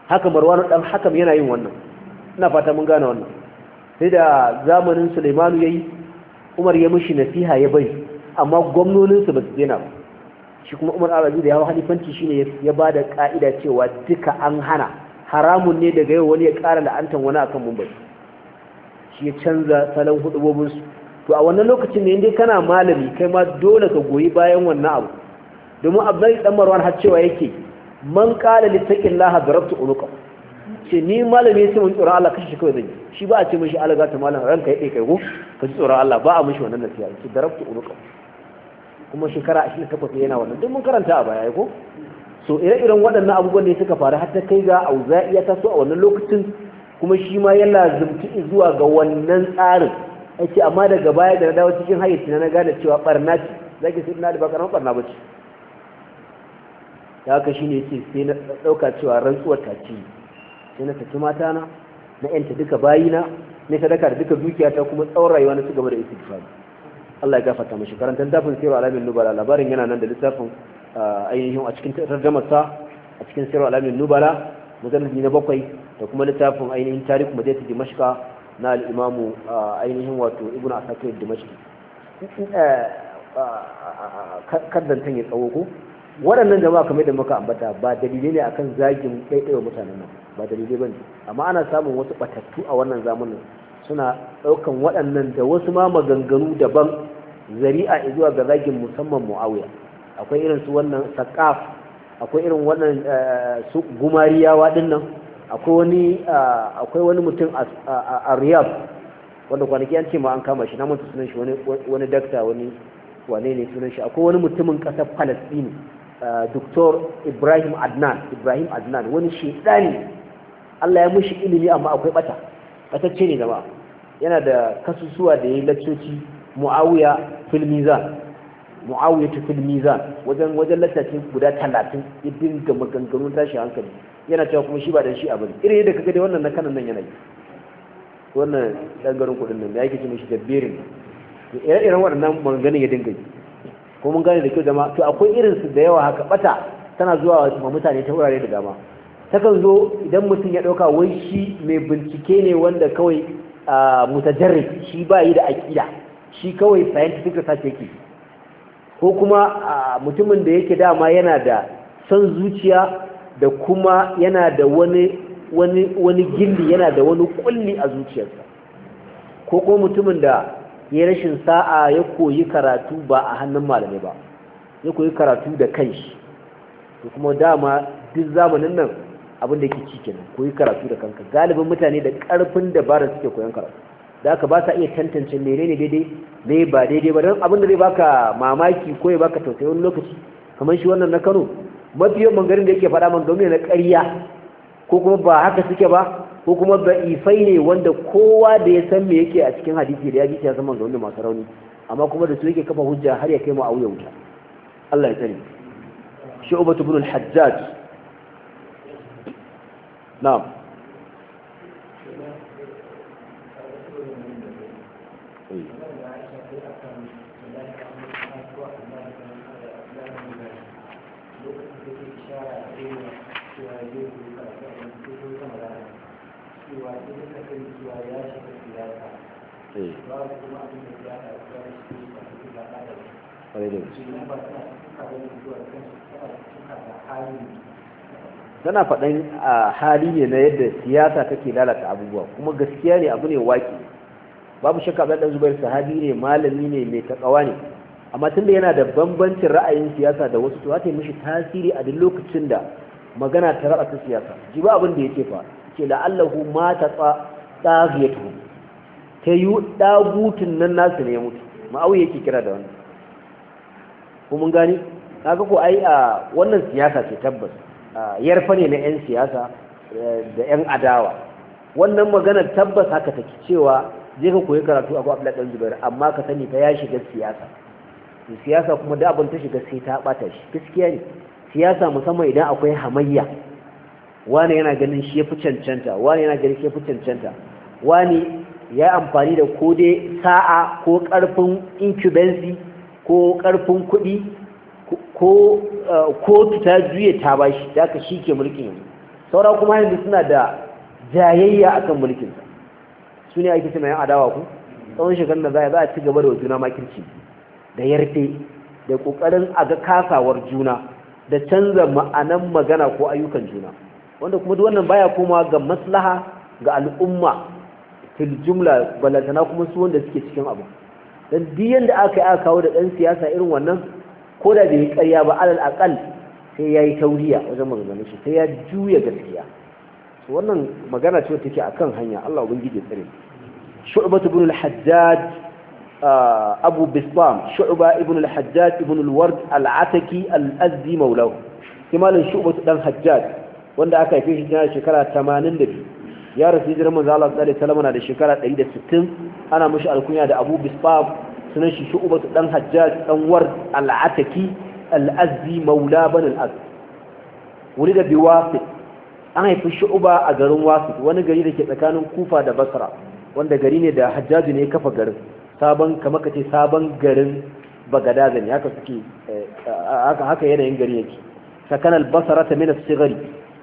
haka Marwan dan Hakam yana yin wannan ina fata mun gane wannan sai da zamanin Sulaimanu yayi Umar ya mishi nasiha ya bai amma gwamnonin su ba su daina shi kuma Umar Arabi da ya halifanci shine ya bada ka'ida cewa duka an hana haramun ne daga yau wani ya kara la'antan wani akan mumbar ya canza salon hudubobinsu to a wannan lokacin ne inda kana malami kai ma dole ka goyi bayan wannan abu domin abdullahi dan marwan har cewa yake man qala li taqillaha darabtu uluka ce ni malami sai mun tsoron Allah kashi kawai zan shi ba a ce mishi Allah zata malam ranka yake kai ko ka ji tsoron Allah ba a mishi wannan nasiha ce darabtu uluka kuma shekara 28 yana wannan duk mun karanta a baya ko so ire-iren waɗannan abubuwan ne suka faru har ta kai ga auza'iya ta so a wannan lokacin kuma shi ma ya lazumci zuwa ga wannan tsarin ake amma daga baya da na dawo cikin hayyacin na gane cewa barna ce za ki sai da bakarar barna ba ce da haka shi ne ce sai na ɗauka cewa rantsuwar ta ce sai na saki mata na na yanta duka bayi na sadaka da duka dukiyata kuma tsawon rayuwa na su gaba da istighfar Allah ya gafarta mashi karantar dafin sirru alamin nubala labarin yana nan da littafin ah, ainihin a cikin tarjamar sa a cikin sirru alamin nubala mujalladi na bakwai da kuma littafin ainihin tarihi madaitu dimashka na al'imamu ainihin wato ibn asakir dimashki eh, kaddantan ya tsawo ko waɗannan jama'a kamar da muka ambata ba dalilai ne akan zagin ɗaiɗaiwa mutanen nan ba dalilai ba ne amma ana samun wasu batattu a wannan zamanin suna ɗaukan waɗannan da wasu ma maganganu daban zari'a zuwa ga zagin musamman mu'awiya akwai irin su wannan saƙaf akwai irin wannan eh, su gumariyawa dinnan akwai wani eh, akwai wani mutum a riyab wanda kwanaki an ce ma an kama shi na mutu sunan shi wani dakta wani wane ne sunan shi akwai wani mutumin kasar palestine eh, doktor ibrahim adnan ibrahim adnan wani ne allah ya mushi ilimi amma akwai bata batacce ne ba yana da kasusuwa da ya yi laccoci mu'awiya filmizan muawiya ta fil mizan wajen wajen lattacin guda talatin ya dinga maganganun tashi hankali yana cewa kuma shi ba da shi a bane irin yadda kaga dai wannan na kanan nan yana yi wannan dangaren kudin nan da yake cin shi dabbirin to ire-iren waɗannan maganganun ya dinga yi ko mun gane da kyau jama'a to akwai irin su da yawa haka bata tana zuwa ma mutane ta wurare da dama takan zo idan mutum ya ɗauka wai shi mai bincike ne wanda kawai ah, mutajarri shi ba yi da aƙida shi kawai scientific research yake ko kuma mutumin da yake dama yana da son zuciya da kuma yana da wani wani gilli yana da wani kulli a zuciyarsa ko ko mutumin da ya rashin sa'a ya koyi karatu ba a hannun malamai ba ya koyi karatu da kanshi to kuma dama duk zamanin nan abin da yake ci koyi karatu da kanka galibin mutane da karfin dabara suke koyon karatu da aka ba sa iya tantance ne daidai me ba daidai ba don abin da zai baka mamaki ko ya baka tausayi wani lokaci kamar shi wannan na Kano mafi yawan mangarin da yake faɗa man domin na ƙarya ko kuma ba haka suke ba ko kuma ba ifai ne wanda kowa da ya san me yake a cikin hadisi da ya ji ya san manzo masu rauni amma kuma da su yake kafa hujja har ya kai mu a wuya wuta Allah ya tsare shu'batu bin al-hajjaj na'am Eh. tana faɗin a hali ne na yadda siyasa take lalata abubuwa kuma gaskiya ne abu ne waki babu shakka ɗan ɗan zubar sahabi ne malami ne mai taƙawa ne amma tun da yana da bambancin ra'ayin siyasa da wasu to ta mishi tasiri a duk lokacin da magana ta raɓa ta siyasa ji ba abin da yake fa ce la'allahu ma ta tsa tsagiyatu ta yi ɗagutun nan nasu ne ya mutu ma'au yake kira da wani. kuma gani kaga ko ai a wannan siyasa ce tabbas yarfa ne na 'yan siyasa eh, da 'yan adawa wannan magana tabbas haka take cewa je ka koyi karatu a abdullahi dan zubar, amma ka sani ta ya shiga siyasa siyasa kuma da abin ta shiga sai ta ɓata shi gaskiya ne siyasa musamman idan akwai hamayya wani yana ganin shi ya fi cancanta wani yana ganin shi ya fi cancanta wani ya amfani da ko sa'a ko ƙarfin incubancy ko ƙarfin kuɗi ko eh, kotu ta juya ta bashi da shi ke mulkin yanzu saura kuma yanzu suna da jayayya akan mulkinsa su ne ake tunayen adawa ku tsawon shekarun da za a ci gaba da juna makirci da yarfe da ƙoƙarin a ga kasawar juna da canza ma'anan magana ko ayyukan juna wanda kuma duk wannan baya komawa ga maslaha ga al'umma fil jumla balantana kuma su wanda suke cikin abu dan diyan da aka yi aka kawo da dan siyasa irin wannan ko da bai karya ba alal aqal sai yayi tauriya wajen maganganun shi sai ya juya gaskiya to wannan magana ce take akan hanya Allah ubangiji tsare shu'bah ibn al-hajjaj ah, abu bisbam shu'bah ibn al-hajjaj ibn al-ward al-ataki al-azdi maulahu kimalin ɗan dan hajjaj wanda aka haife shi shekara 82 ya rasu hijirar manzo tsari sallallahu alaihi da shekara 160 ana mishi alkunya da Abu Bisbab sunan shi Shu'bah dan Hajjaj dan Ward al-Ataki al-Azdi maula ban al-Az wuri da biwasit an haifi Shu'bah a garin Wasit wani gari da ke tsakanin Kufa da Basra wanda gari ne da Hajjaj ne kafa garin sabon kamar kace sabon garin Bagadaza haka suke eh, haka haka yanayin gari yake sakanal basara ta mina sigari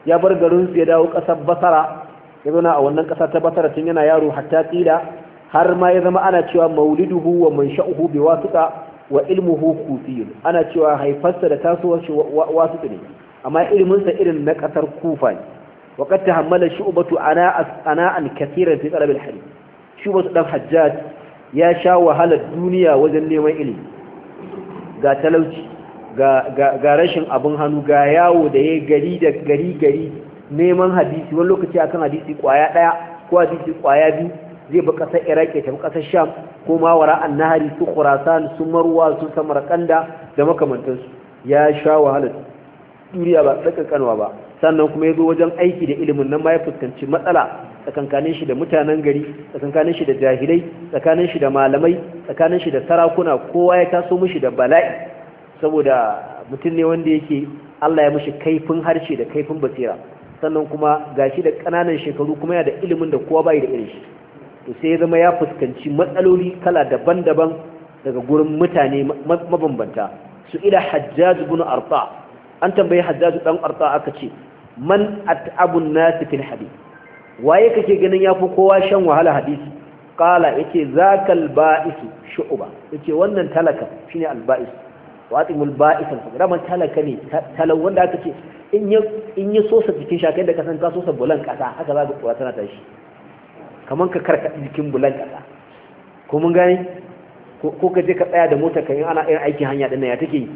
ya bar garin su ya dawo kasar basara ya zauna a wannan ƙasa ta basara tun yana yaro hatta tsira har ma ya zama ana cewa mauliduhu wa mansha'uhu bi wasuqa wa ilmuhu kufiyun ana cewa haifarsa da tasowar shi wasuqa ne amma ilminsa irin na ƙasar kufa ne wa qad tahammala shu'batu ana ana an kathira fi talab al shu'batu dan hajjaj ya sha wahalar duniya wajen neman ilimi ga talauci ga ga rashin abin hannu ga yawo da ya gari da gari gari neman hadisi wani lokaci akan hadisi kwaya daya ko hadisi kwaya biyu zai bi kasar iraq ya tafi kasar sham ko ma wara an nahari su khurasan su marwa su samarkanda da makamantansu ya sha wahalar duriya ba kanwa ba sannan kuma ya zo wajen aiki da ilimin nan ma ya fuskanci matsala tsakankanin shi da mutanen gari tsakankanin shi da jahilai tsakanin shi da malamai tsakanin shi da sarakuna kowa ya taso mishi da bala'i saboda mutum ne wanda yake Allah ya mishi kaifin harshe da kaifin basira sannan kuma gashi da ƙananan shekaru kuma yana da ilimin da kowa bai da irin shi to sai ya zama ya fuskanci matsaloli kala daban-daban daga gurin mutane mabambanta su ila hajjaj ibn arta an tambayi hajjaj dan arta aka ce man at'abun nas fil hadith waye kake ganin yafi kowa shan wahala hadisi qala yace zakal ba'is shu'ba yace wannan talaka shine al ba'is wa atimul ba'isan raman talaka ne talau wanda aka ce in ya sosa jikin shakai da kasan ka sosa bulan kasa haka za ka kura tana tashi kaman ka karka jikin bulan kasa ko mun gane ko ka je ka tsaya da mota kan ana irin aikin hanya din nan ya take yi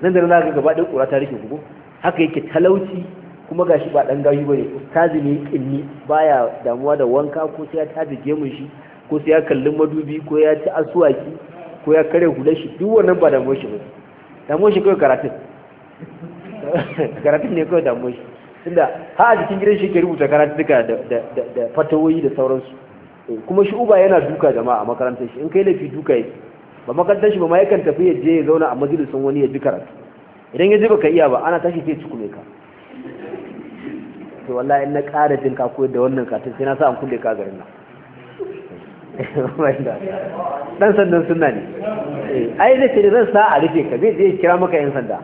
nan da za ka gaba ɗin kura ta rike ku haka yake talauci kuma gashi ba dan gashi bane tazi ne kinni baya damuwa da wanka ko sai ya taji gemun shi ko sai ya kalli madubi ko ya ci asuwaki ko ya kare hular shi duk wannan ba damuwar shi ba damuwar shi kawai karatun karatun ne kawai damuwar shi tunda ha a cikin gidan shi ke rubuta karatun duka da fatawoyi da sauransu kuma shi uba yana duka jama'a a makarantar shi in kai laifi duka yake ba makarantar shi ba ma yakan tafi ya je ya zauna a majalisun wani ya ji karatu idan ya ji baka iya ba ana tashi sai cikume ka to wallahi in na ƙara jin ka koyar da wannan katin sai na sa an kulle ka garin nan dan sandan sunna ne ai da ce zan sa a rufe ka zai je kira maka yan sanda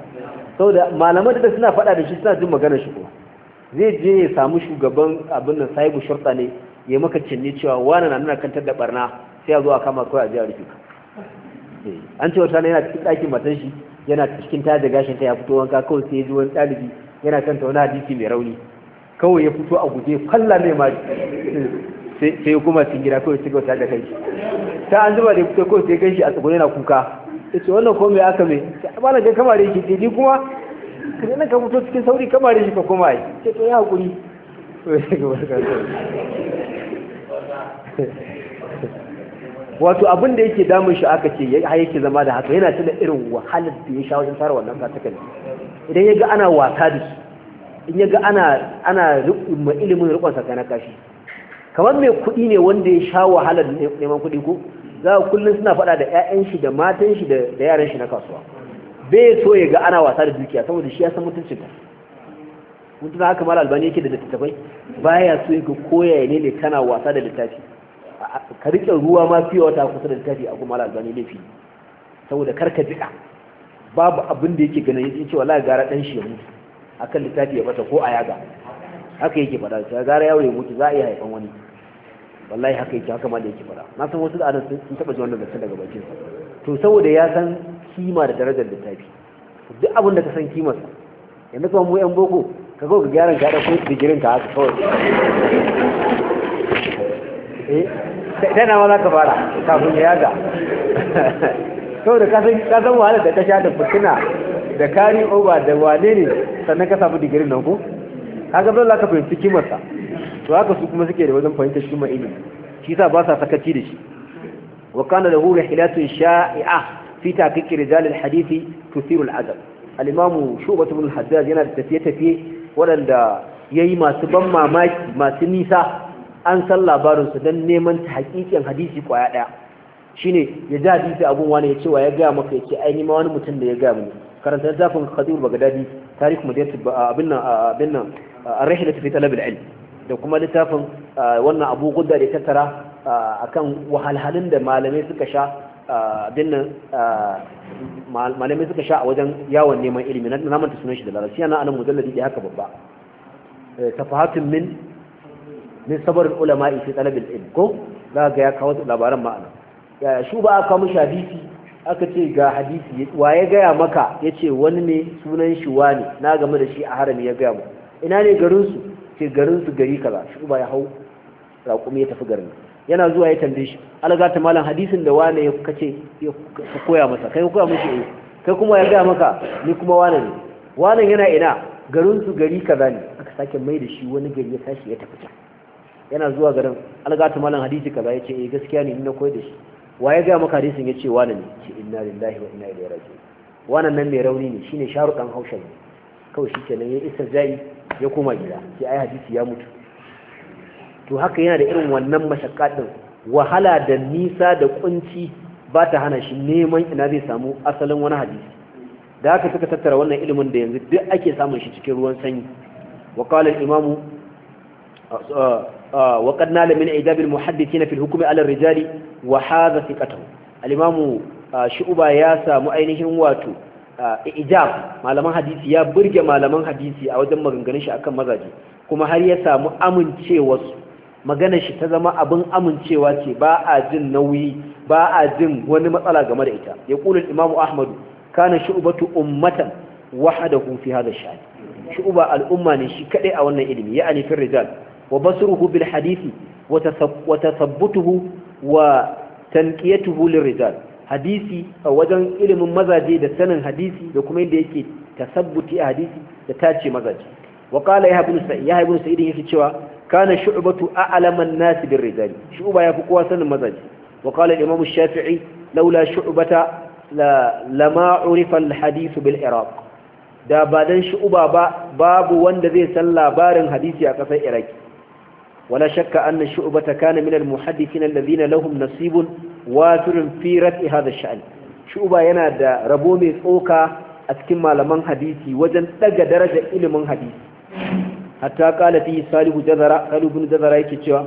saboda malaman da suna faɗa da shi suna jin magana shi ko. zai je ya samu shugaban abin nan sahibu shurta ne ya maka cinni cewa wani na nuna kantar da barna sai ya zo a kama kawai a a rufe ka eh, an ce wata yana cikin ɗakin matan shi yana cikin ta da gashin ta ya fito wanka kawai sai ya ji wani ɗalibi yana kanta wani hadisi mai rauni kawai ya fito a guje falla mai ma sai kuma singira kawai sai kawai da kai ta an zuba da ya fito kawai sai kai shi a tsakuri na kuka ya ce wannan komai aka mai ba na ga kamar yake ce ni kuma ka zai ka fito cikin sauri kamar shi ka yi ce to ya haƙuri wato abin da yake damun shi aka ce ya yake zama da haka yana tuna irin wahalar da ya sha wajen fara wannan fatakan idan ya ga ana wata da su in ya ga ana ana ilimin rikon sakanaka kashi. kamar mai kuɗi ne wanda ya sha wahalar neman kuɗi ko za a kullum suna faɗa da 'ya'yan shi da matan shi da yaran shi na kasuwa bai so ya ga ana wasa da dukiya saboda shi ya san mutuncin ta mutum haka mara albani yake da littattafai baya so ya ga koya ne ne kana wasa da littafi ka riƙe ruwa ma fiye wata kusa da littafi a kuma mara albani laifi saboda kar ka jiƙa babu abin da yake ganin ya ce wallahi gara ɗan shi ya mutu akan littafi ya bata ko a yaga haka yake fada ta gara yawo ya mutu za a yi haifan wani wallahi haka yake haka ma da yake fada na san wasu da anan sun taba ji wannan zancen daga bakin sa to saboda ya san kima da darajar da tafi duk abin da ka san kima sa yanzu kuma mu yan boko ka ga gyaran ka da ko digirin ka haka kawai eh tana ma za ka fara kafin ya yaga saboda ka san wahalar da ka sha da fitina da kari oba da wane ne sannan ka samu digirin nan ko kaga dole ka fahimci kimarsa to haka su kuma suke da wajen fahimtar shi ma ilimi shi yasa ba sa sakaci da shi wa kana lahu rihilatun sha'i'a fi taqiq rijal al-hadith tuthiru al-adab al-imam shubah ibn al-haddad yana da tafiye-tafiye waɗanda yayi masu ban mamaki masu nisa an san labarin su dan neman ta hakikin hadisi kwaya daya shine ya ji hadisi abun wani ya ce wa ya ga maka yace ce ai ma wani mutum da ya ga mu karanta zafin khadir bagdadi tarikh madinatu abin nan abin nan rahila fi talab al-ilm da kuma littafin wannan abu gudda da tattara akan wahalhalun da malamai suka sha abin nan malamai suka sha a wajen yawon neman ilimi na ta sunan shi da larabci yana anan mujalladi da haka babba eh, tafahatun min min sabarin ulama fi talabil ilm ko za ga ya kawo labaran ma'ana shu ba aka mu hadisi aka ce ga hadisi wa ya gaya maka yace wani ne sunan shi wani na game da shi a harami ya gaya maka ina ne garinsu ce garinsu gari kaza shi ba ya hau raƙumi ya tafi garin yana zuwa ya tambaye shi alaga ta malam hadisin da wane ya kace ya koya masa kai koya mishi eh kai kuma ya ga maka ni kuma wane ne wane yana ina garinsu gari kaza ne aka sake mai da shi wani gari ya tashi ya tafi yana zuwa garin alaga ta malam hadisi kaza ya ce eh gaskiya ne ina koyar da shi wa ya ga maka hadisin ya ce wane ne ce inna lillahi wa inna ilaihi raji'un wannan nan mai rauni ne shine sharuɗan haushin ne kawai shi kenan ya isa zai ya koma gida sai ai hadisi ya mutu to haka yana da irin wannan mashakkatin wahala da nisa da kunci ba ta hana shi neman ina zai samu asalin wani hadisi da haka suka tattara wannan ilimin da yanzu duk ake samun shi cikin ruwan sanyi wa qala al-imamu wa qad nala min idab al muhaddithin fi al-hukm ala al rijali wa hadha thiqatuhu al-imamu shu'ba ya samu ainihin wato ijab malaman hadisi ya burge malaman hadisi a wajen maganganun shi akan mazaje kuma har ya samu amincewarsu maganar shi ta zama abin amincewa ce ba a jin nauyi ba a jin wani matsala game da ita ya kula imamu ahmadu kana shu'batu ummatan wahadahu fi hadha sha'an shu'ba al'umma ne shi kadai a wannan ilimi ya ani fil rijal wa basruhu bil hadisi wa tasabbutuhu wa tanqiyatuhu lil rijal hadisi a wajen ilimin mazaje da sanin hadisi da kuma yadda yake tasabbuti a hadisi da tace mazaje wa qala ya ibn sa'id ya ibn sa'id yake cewa kana shu'batu a'lamu an-nas bir rijal shu'ba yafi kowa sanin mazaje wa qala imam shafii laula shu'bata la lama urifa al-hadith bil iraq da ba dan shu'ba ba babu wanda zai san labarin hadisi a kasar iraki wala shakka anna shu'bata kana min al-muhaddithin alladhina lahum nasibun wafirin firat rafi hada sha'ani shuba yana da rabo mai tsoka a cikin malaman hadisi wajen daga daraja ilimin hadisi hatta kala fi salihu jazara salihun jazara yake cewa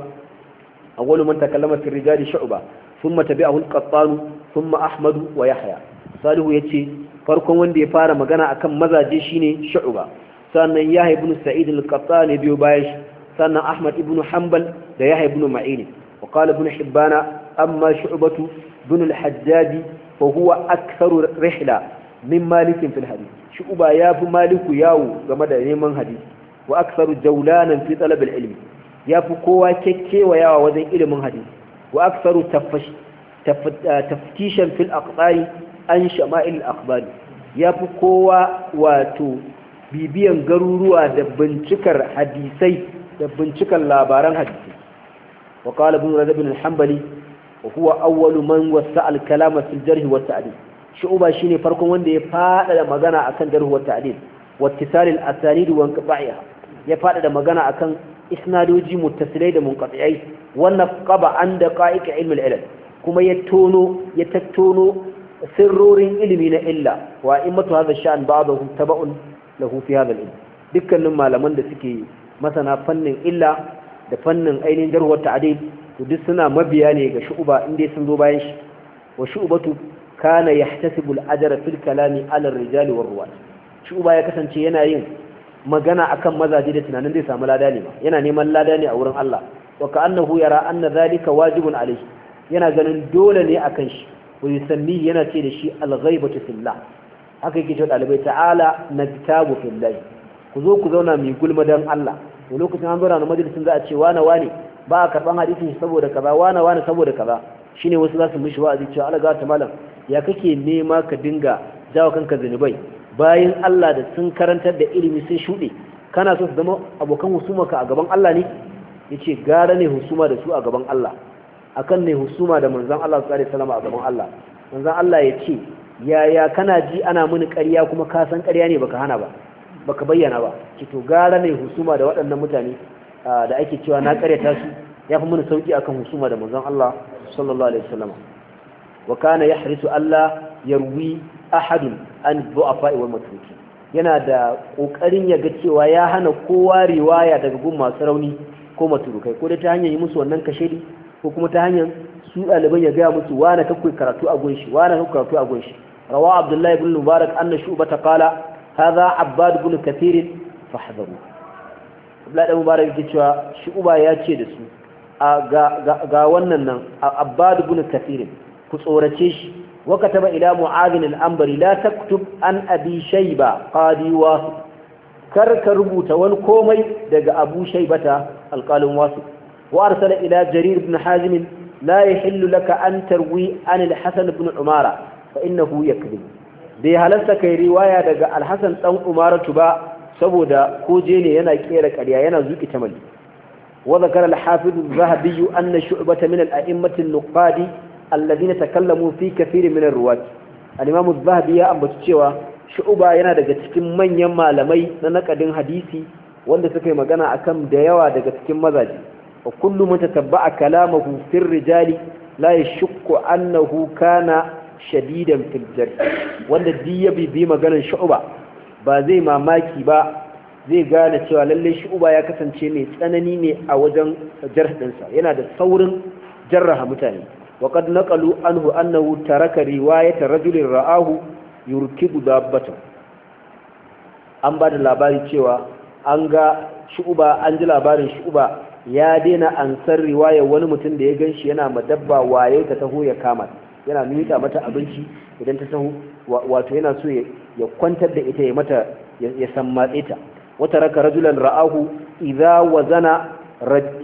awwalu man takallama fi rijali shu'ba thumma tabi'ahu al-qattan thumma ahmad wa yahya salihu ya ce farkon wanda ya fara magana akan mazaje shine sha'uba sannan ya ibn sa'id al ne biyo bayan sannan ahmad ibn hanbal da yahya ibn ma'in وقال ابن حبان أما شعبة بن الحجاج فهو أكثر رحلة من مالك في الحديث شعبة ياف مالك ياو غمد نيمان حديث وأكثر جولانا في طلب العلم ياف قوة كيكي وياو وزن علم حديث وأكثر تفش تف... تفتيشا في الأقطار عن شمائل الأقبال ياف قوة واتو bibiyan garuruwa da bincikar hadisai da bincikar labaran hadisai wa qala ibn rajab bin al-hanbali wa awwalu man wasa al-kalama fil jarh wa ta'dil shu'ba shine farkon wanda ya fada magana akan jarh wa ta'dil wa ittisal al-asanid wa inqita'iha ya fada magana akan isnadoji muttasilai da munqati'ai wannan qaba an daqa'iq ilm al-ilm kuma ya tono ya tattono sirrorin ilimi na illa wa immatu hadha sha'an ba'dahu taba'un lahu fi hadha al-ilm dukkanin malaman da suke masana fannin illa da fannin ainihin jarhuwar ta'adil to duk suna mabiya ne ga shu'uba inda sun zo bayan shi wa shu'ubatu kana yahtasibul ajra fil kalami ala ar wa ar ruwat shu'uba ya kasance yana yin magana akan mazaje da tunanin zai samu lada ne yana neman lada ne a wurin Allah wa ka'annahu yara anna zalika wajibun alayhi yana ganin dole ne akan shi wa yusanni yana ce da shi al-ghaibatu fillah haka yake cewa dalibai ta'ala kitabu fillah ku zo ku zauna mai gulma dan Allah to lokacin an zo na majalisin za a ce wane wane ba a karɓar hadisi saboda kaza Wani-wani saboda kaza shine wasu za su mishi wa'azi cewa ala ga ta malam ya kake nema ka dinga jawo kanka zunubai bayan Allah da sun karantar da ilimi sun shuɗe. kana so su zama abokan husuma ka a gaban Allah ne yace gara ne husuma da su a gaban Allah akan ne husuma da manzon Allah sallallahu alaihi a gaban Allah manzon Allah ya ce yaya kana ji ana mini ƙarya kuma ka san ƙarya ne baka hana ba baka bayyana ba ki to gara ne husuma da waɗannan mutane da ake cewa na karyata su ya fi mana sauki akan husuma da manzon Allah sallallahu alaihi wasallam wa kana yahrisu Allah yarwi ahadun an du'afa wa matruki yana da kokarin ya ga cewa ya hana kowa riwaya daga gun masu rauni ko maturukai ko da ta hanyar yi musu wannan kashedi ko kuma ta hanyar su ɗaliban ya gaya musu wani kakwai karatu a gunshi wani kakwai karatu a gunshi rawa abdullahi ibn mubarak anna shu'bata qala hadha abbad ibn kathir fahdharu abdullahi mubarak yake cewa shi uba ya ce da su ga wannan nan abbad ibn kathir ku tsorace shi wa kataba ila mu'adhin al-anbari la taktub an abi shayba qadi wa kar ka rubuta wani komai daga abu shaybata alqalin wasu wa arsala ila jarir ibn hazim la yahillu laka an tarwi an al-hasan ibn umara fa innahu yakdhib bai halasta kai riwaya daga al-hasan dan umara ba saboda ko jene yana kera karya yana zuƙi ta mali wanda kara lahafin zaha biyu an na shu'ba ta minal a'immatin nufadi allazi na takallamu fi kafirin minar ruwaki alimamu zaha biya ambatu cewa Shu'uba yana daga cikin manyan malamai na naƙadin hadisi wanda suka yi magana akan da yawa daga cikin mazaje A kullum mun tattaba a kalamahu fir rijali la yashukku annahu shadidan fil wanda diya bi bi maganar shu'ba ba zai mamaki ba zai gane cewa lallai shi uba ya kasance mai tsanani ne a wajen jarhadinsa yana da saurin jarraha mutane وقد نقلوا anhu annahu ترك رواية rajulin Ra'ahu, يركب دابته an ba da labari cewa an ga uba an ji labarin uba ya daina ansar riwayar wani mutum da ya ganshi shi yana madabba waye ta taho ya kama yana mika mata abinci idan ta taho wato yana so ya kwantar da ita ya mata ya san ta wata raka rajulan ra'ahu idza wazana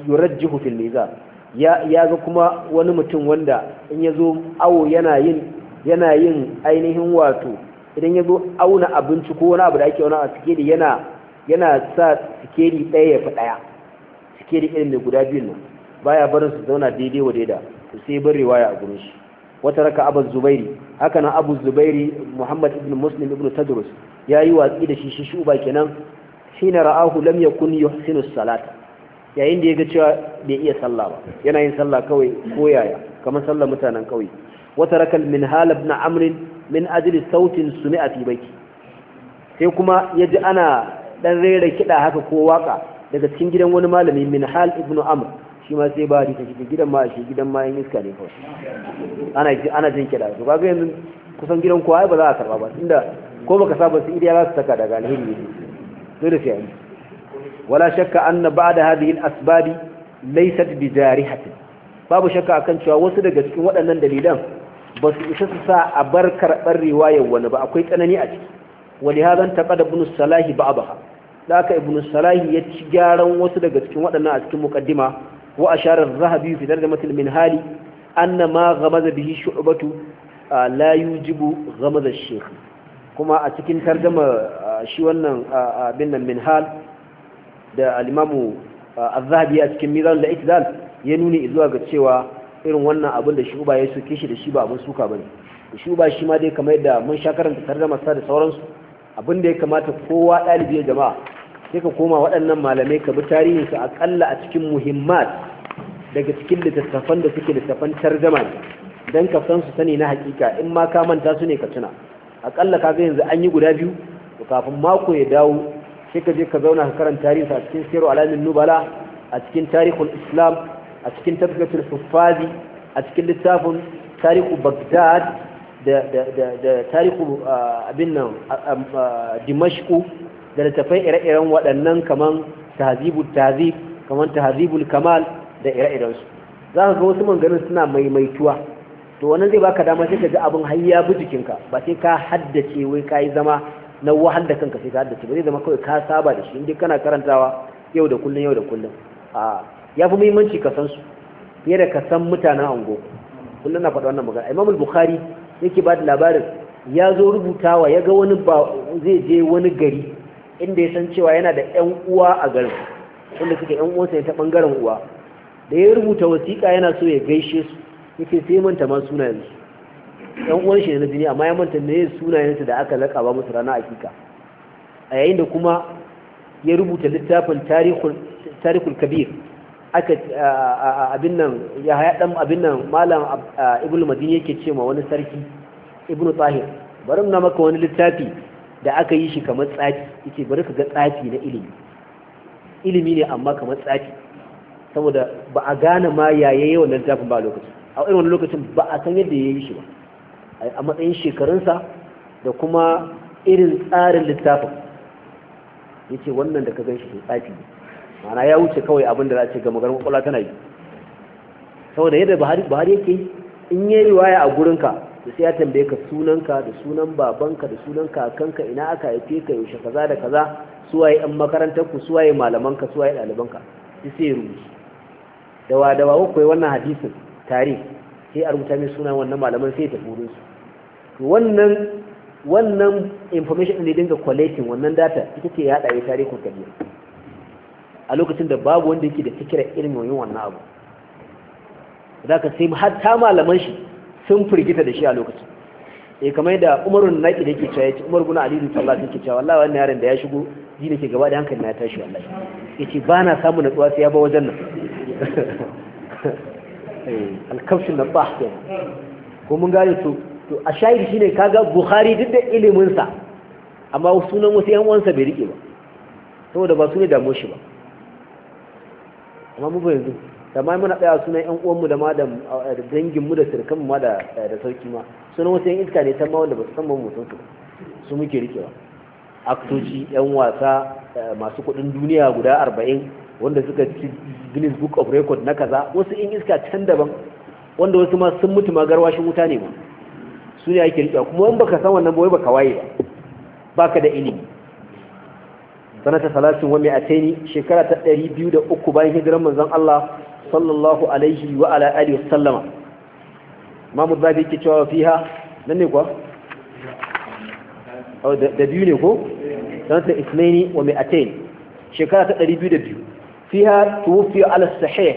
yurajjihu fil mizan ya ya ga kuma wani mutum wanda in yazo awo yana yin yana yin ainihin wato idan yazo auna abinci ko wani abu da ake wani a sikeli yana yana sa sikeli ɗaya ya fi ɗaya sikeli irin mai guda biyu nan baya barin su zauna daidai wa daida to sai bar riwaya a gurin shi wata raka abu zubairi haka nan abu zubairi muhammad ibn muslim ibn tadrus ya yi watsi da shi shi ba kenan shi na ra'ahu lam yakun yuhsinu salata yayin da ya ga cewa bai iya sallah ba yana yin sallah kawai ko yaya kamar sallar mutanen kauye wata rakal min halab na amrin min ajli sautin sumi'a a baiti sai kuma ya ji ana dan rera kiɗa haka ko waka daga cikin gidan wani malami min hal ibn amr shi ma sai ba hadisin shi gidan ma shi gidan ma yin iska ne kawai ana ana jin kira to kaga yanzu kusan gidan kowa ba za a karba ba tunda ko baka saba su idiya za su taka daga alheri ne da sai wala shakka anna ba'da hadhihi al-asbab laysat bi jarihatin babu shakka akan cewa wasu daga cikin waɗannan dalilan ba su isa su sa a bar karɓar riwayar wani ba akwai tsanani a ciki wani zan taɓa da ibn salahi ba da aka ibn salahi ya ci gyaran wasu daga cikin waɗannan a cikin mukaddima وأشار الذهبي في ترجمة المنهال أن ما غمز به شعبة لا يوجب غمز الشيخ كما أتكين ترجمة شوانا بنا المنهال da alimamu azhabi a cikin mizan da itidal ya nuna zuwa ga cewa irin wannan abin da shuba ya suke shi da shi ba abin suka bane shuba shi ma dai kamar yadda mun sha karanta tarjama sa da sauransu abin da ya kamata kowa dalibi ya jama'a sai ka koma waɗannan malamai ka bi tarihinsu aƙalla a cikin muhimmat daga cikin littattafan da suke littattafan tarjama ne don ka san su sani na hakika in ma ka manta su ne ka tuna aƙalla ka ga yanzu an yi guda biyu to kafin mako ya dawo sai ka je ka zauna ka karanta tarihinsu a cikin siru alamin nubala a cikin tarihul islam a cikin tafkatul huffazi a cikin littafin tarihu bagdad da tarihu ah, abin nan ah, ah, dimashku da littafai ire-iren waɗannan kamar tahzibul tahzib kamar tahzibul kamal da ire-irensu za ka ga wasu manganin suna maimaituwa to wannan zai baka dama sai ka ji abin har ya bi jikinka ba sai ka haddace wai ka yi zama na wahal da kanka sai ka haddace ba zai zama kawai ka saba da shi inda kana karantawa yau da kullum yau da kullum a ya fi muhimmanci ka san su fiye da ka san mutanen ango kullum na faɗa wannan magana imam al-bukhari yake ba da labarin ya zo rubutawa ya ga wani ba zai je wani gari inda ya san cewa yana da 'yan uwa a garin wanda suke 'yan uwansa ta ɓangaren uwa da ya rubuta wasiƙa yana so ya gaishe su yake sai manta ma sunayensu. su uwan shi na jini amma ya manta ne sunayensu da aka lakaba musu rana a kika a yayin da kuma ya rubuta littafin tarihul kabir aka abin nan ya haya ɗan abin nan malam ibnu madini yake cewa wani sarki Ibn Tsahir, bari na maka wani littafi da aka yi shi kamar tsafi yake bari ka ga tsafi na ilimi ilimi ne amma kamar tsafi saboda ba a gane ma yaye yawan littafin ba lokaci a irin wani lokacin ba a san yadda ya yi shi ba a matsayin shekarunsa da kuma irin tsarin littafin ya ce wannan da ka gan shi tsafi ne mana ya wuce kawai abin da za a ce ga garin kwakwala tana yi saboda yadda buhari yake in yi riwaya a gurinka da sai ya tambaye ka sunanka da sunan babanka da sunan kakanka ina aka haife ka yaushe kaza da kaza suwaye yan makarantar ku suwaye malamanka suwaye ɗalibanka sai sai wa da wa ko wannan hadisin tare sai a rubuta mai sunan wannan malaman sai ta burin su wannan wannan information ne dinga collecting wannan data ita ce ya haɗa ya tare ku kabiya a lokacin da babu wanda yake da fikira irin wannan abu zaka sai har ta malaman shi sun firgita da shi a lokacin e kamar yadda umarun naki da yake cewa umar guna alidu ta sallah ke cewa wallahi wannan yaron da ya shigo ji nake gaba da hankali na tashi wallahi yace ba na samu natsuwa sai ya ba wajen nan alkafshin na ba ko mun gane to to a shayi shine kaga bukhari duk da ilimin sa amma sunan wasu yan uwansa bai rike ba saboda ba su ne damu shi ba amma mu ba yanzu da ma muna tsaya sunan yan uwanmu da ma da eh, danginmu da sirkan ma da eh, sauki ma sunan wasu yan iska ne ta ma wanda ba su san mu san su su muke rikewa aktoci yan wasa eh, masu kudin duniya guda arba'in wanda suka ci guinness book of record na kaza wasu yan iska can daban wanda wasu ma sun mutu ma garwashin wuta ne ma su ne ake rikewa kuma in baka san wannan ba baka waye ba baka da ilimi sanata salatin wa mai shekara ta 203 bayan hijiran manzon Allah sallallahu alaihi wa ala alihi wasallama mamu zafi yake cewa fiha nan ne kuwa oh, da biyu ne ko don ta isnaini wa mai atain shekara ta 202 fiha tuwufi ala sahih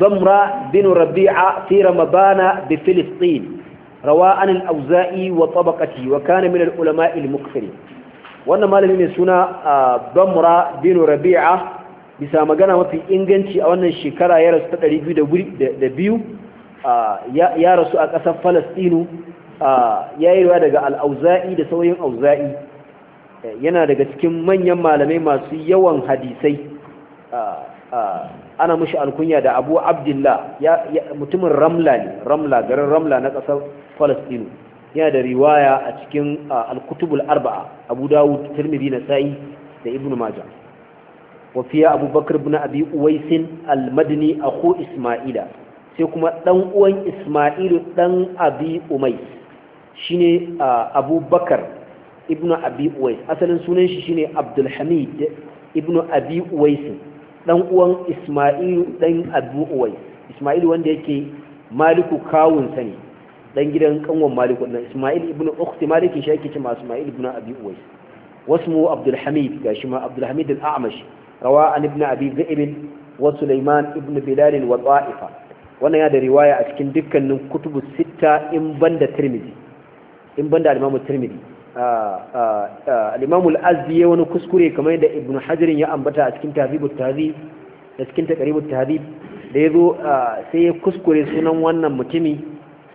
ضمرة بن ربيعة في auza'i wa روى عن الأوزائي وطبقته وكان من العلماء المكثرين وأن مالهم من suna ضمرة بن ربيعة bisa magana mafi inganci a wannan shekara ya rasu ta 202 ya rasu a ƙasar falastinu ya yi ruwa daga al'auza'i da sauyin auza'i eh, yana daga cikin manyan malamai masu yawan hadisai ana mashi alkunya da abu abdullah mutumin ramla ne ramla garin ramla na ƙasar falastinu yana da riwaya a cikin alkutubul arba'a abu dawud tirmidhi na sa'i da ibn majah wafiya abu bakar buna abi waisin almadini a ko ismaila sai kuma ɗan uwan ismailu dan abi umai shi ne abu bakar ibnu abi wais asalin sunan shi shi ne abdulhamid ibnu abi waisin dan uwan ismailu dan abu wais ismailu wanda yake maliku kawun ne dan gidan kanwan maliku dan ismail ibn ukhti maliki shi yake cewa ismail ibn abi wais wasmu abdulhamid gashi ma abdulhamid al-a'mashi rawa an ibn abi za'ib wa sulaiman ibn bilal wa ta'ifa wannan ya da riwaya a cikin dukkanin kutubu sita in banda tirmidhi in banda al-imam tirmidhi al-imam al-azdi ya wani kuskure kamar yadda ibn hajar ya ambata a cikin tahzibut tahzib da cikin taqribut tahzib da yazo sai ya kuskure sunan wannan mutumi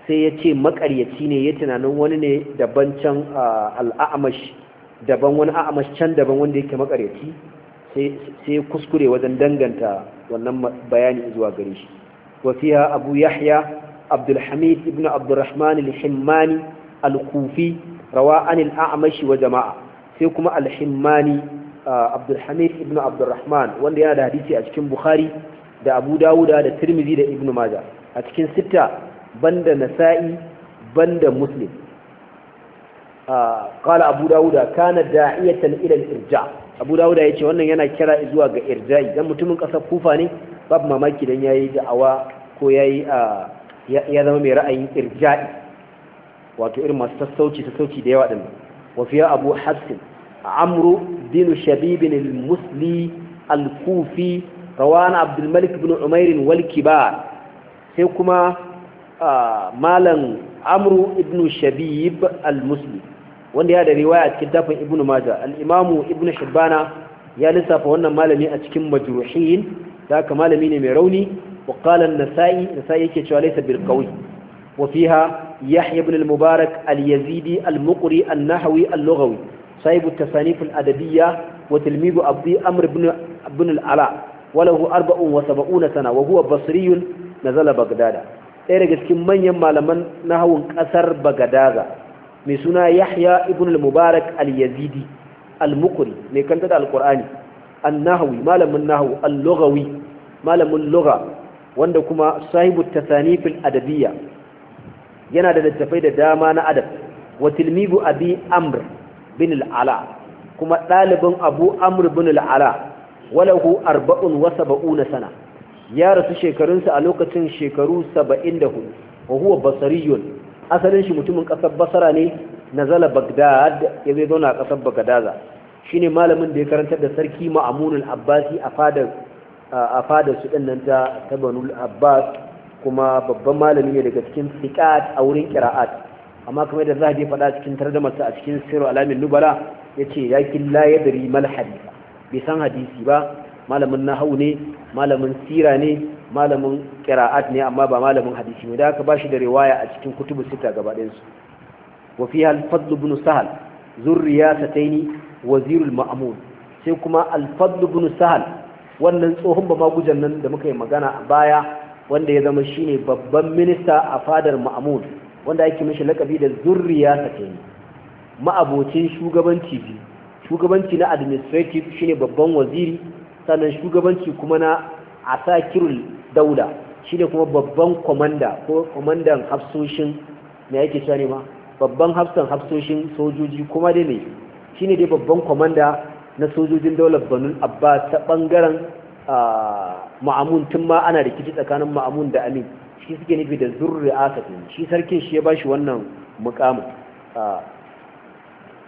sai ya ce makaryaci ne ya tunanin wani ne daban can al'amash daban wani a'amash can daban wanda yake makaryaci sai kuskure wajen danganta wannan bayani zuwa gare shi wafiha fiha abu yahya abdulhamid ibn abdurrahman alhimmani himmani rawa an al'amashi amashi wa jama'a sai kuma alhimmani himmani abdulhamid ibn abdurrahman wanda yana da hadisi a cikin bukhari da abu dawuda da tirmizi da ibn maja a cikin sitta banda nasa'i banda muslim قال أبو داود كان داعية إلى الإرجاع abu dawuda ya ce wannan yana kira zuwa ga irja'i dan mutumin ƙasar kufa ne babu mamaki dan yayi da'awa ko yayi ya zama mai ra'ayin irja'i wato irin masu sassauci sassauci da yawa din wa fiya abu hasan amru bin shabib al-musli al-kufi rawan abd malik ibn umair wal-kibar sai kuma malam amru ibn shabib al-musli wanda ya da riwaya cikin tafin ibnu maja al-imamu ibnu shibbana ya lissafa wannan malami a cikin majruhin da ka malami ne mai rauni wa qala an-nasa'i nasa'i yake cewa laysa bil qawi wa fiha yahya ibn al-mubarak al-yazidi al-muqri an-nahwi al-lughawi sahib at-tasanif al-adabiyya wa tilmidu abdi amr ibn ibn al-ala wa lahu 74 sana wa huwa basriyun nazala bagdada ɗaya daga cikin manyan malaman nahawun ƙasar bagadaza mai suna yahya ibn al-mubarak al-yazidi al mukri mai kanta da al-qur'ani an-nahawi malamin nahawu al-lughawi malamin lugha wanda kuma sahibu tasanif al-adabiyya yana da littafai da dama na adab wa tilmibu abi amr bin al-ala kuma dalibin abu amr bin al-ala walahu 74 sana ya rasu shekarunsa a lokacin shekaru 74 wa huwa basariyun asalin shi mutumin kasar basara ne nazala bagdad ya zai zauna a kasar bagdaza ne malamin da ya karantar da sarki ma'amunan abbasi a fadar su ɗin nan ta tabanul abbas kuma babban malami ne daga cikin fiqat a wurin kira'at amma kamar da zahabi faɗa cikin tarjumarsa a cikin sirru alamin nubala yace ya killa yadri mal hadisa bai san hadisi ba malamin nahau ne malamin sira ne malamin qira'at ne amma ba malamin hadisi ne da aka shi da riwaya a cikin kutubu sita gaba ɗayan su wa fi al-fadl ibn sahal zurriyatataini wazir mamun sai kuma al-fadl sahal wannan tsohon ba magujan nan da muka yi magana a baya wanda ya zama shine babban minista a fadar ma'mun wanda ake mishi lakabi da zurriyatataini ma'abocin shugabanci biyu shugabanci na administrative shine babban waziri sannan shugabanci kuma na asakirul daula shi ne kuma babban kwamanda ko kwamandan hafsoshin na yake cewa ne ma babban hafsan hafsoshin sojoji kuma dai ne shi ne dai babban kwamanda na sojojin daular banun abba ta ɓangaren ma'amun tun ma ana rikici tsakanin ma'amun da amin shi suke nufi da zurri asafin shi sarkin shi ya ba shi wannan mukamin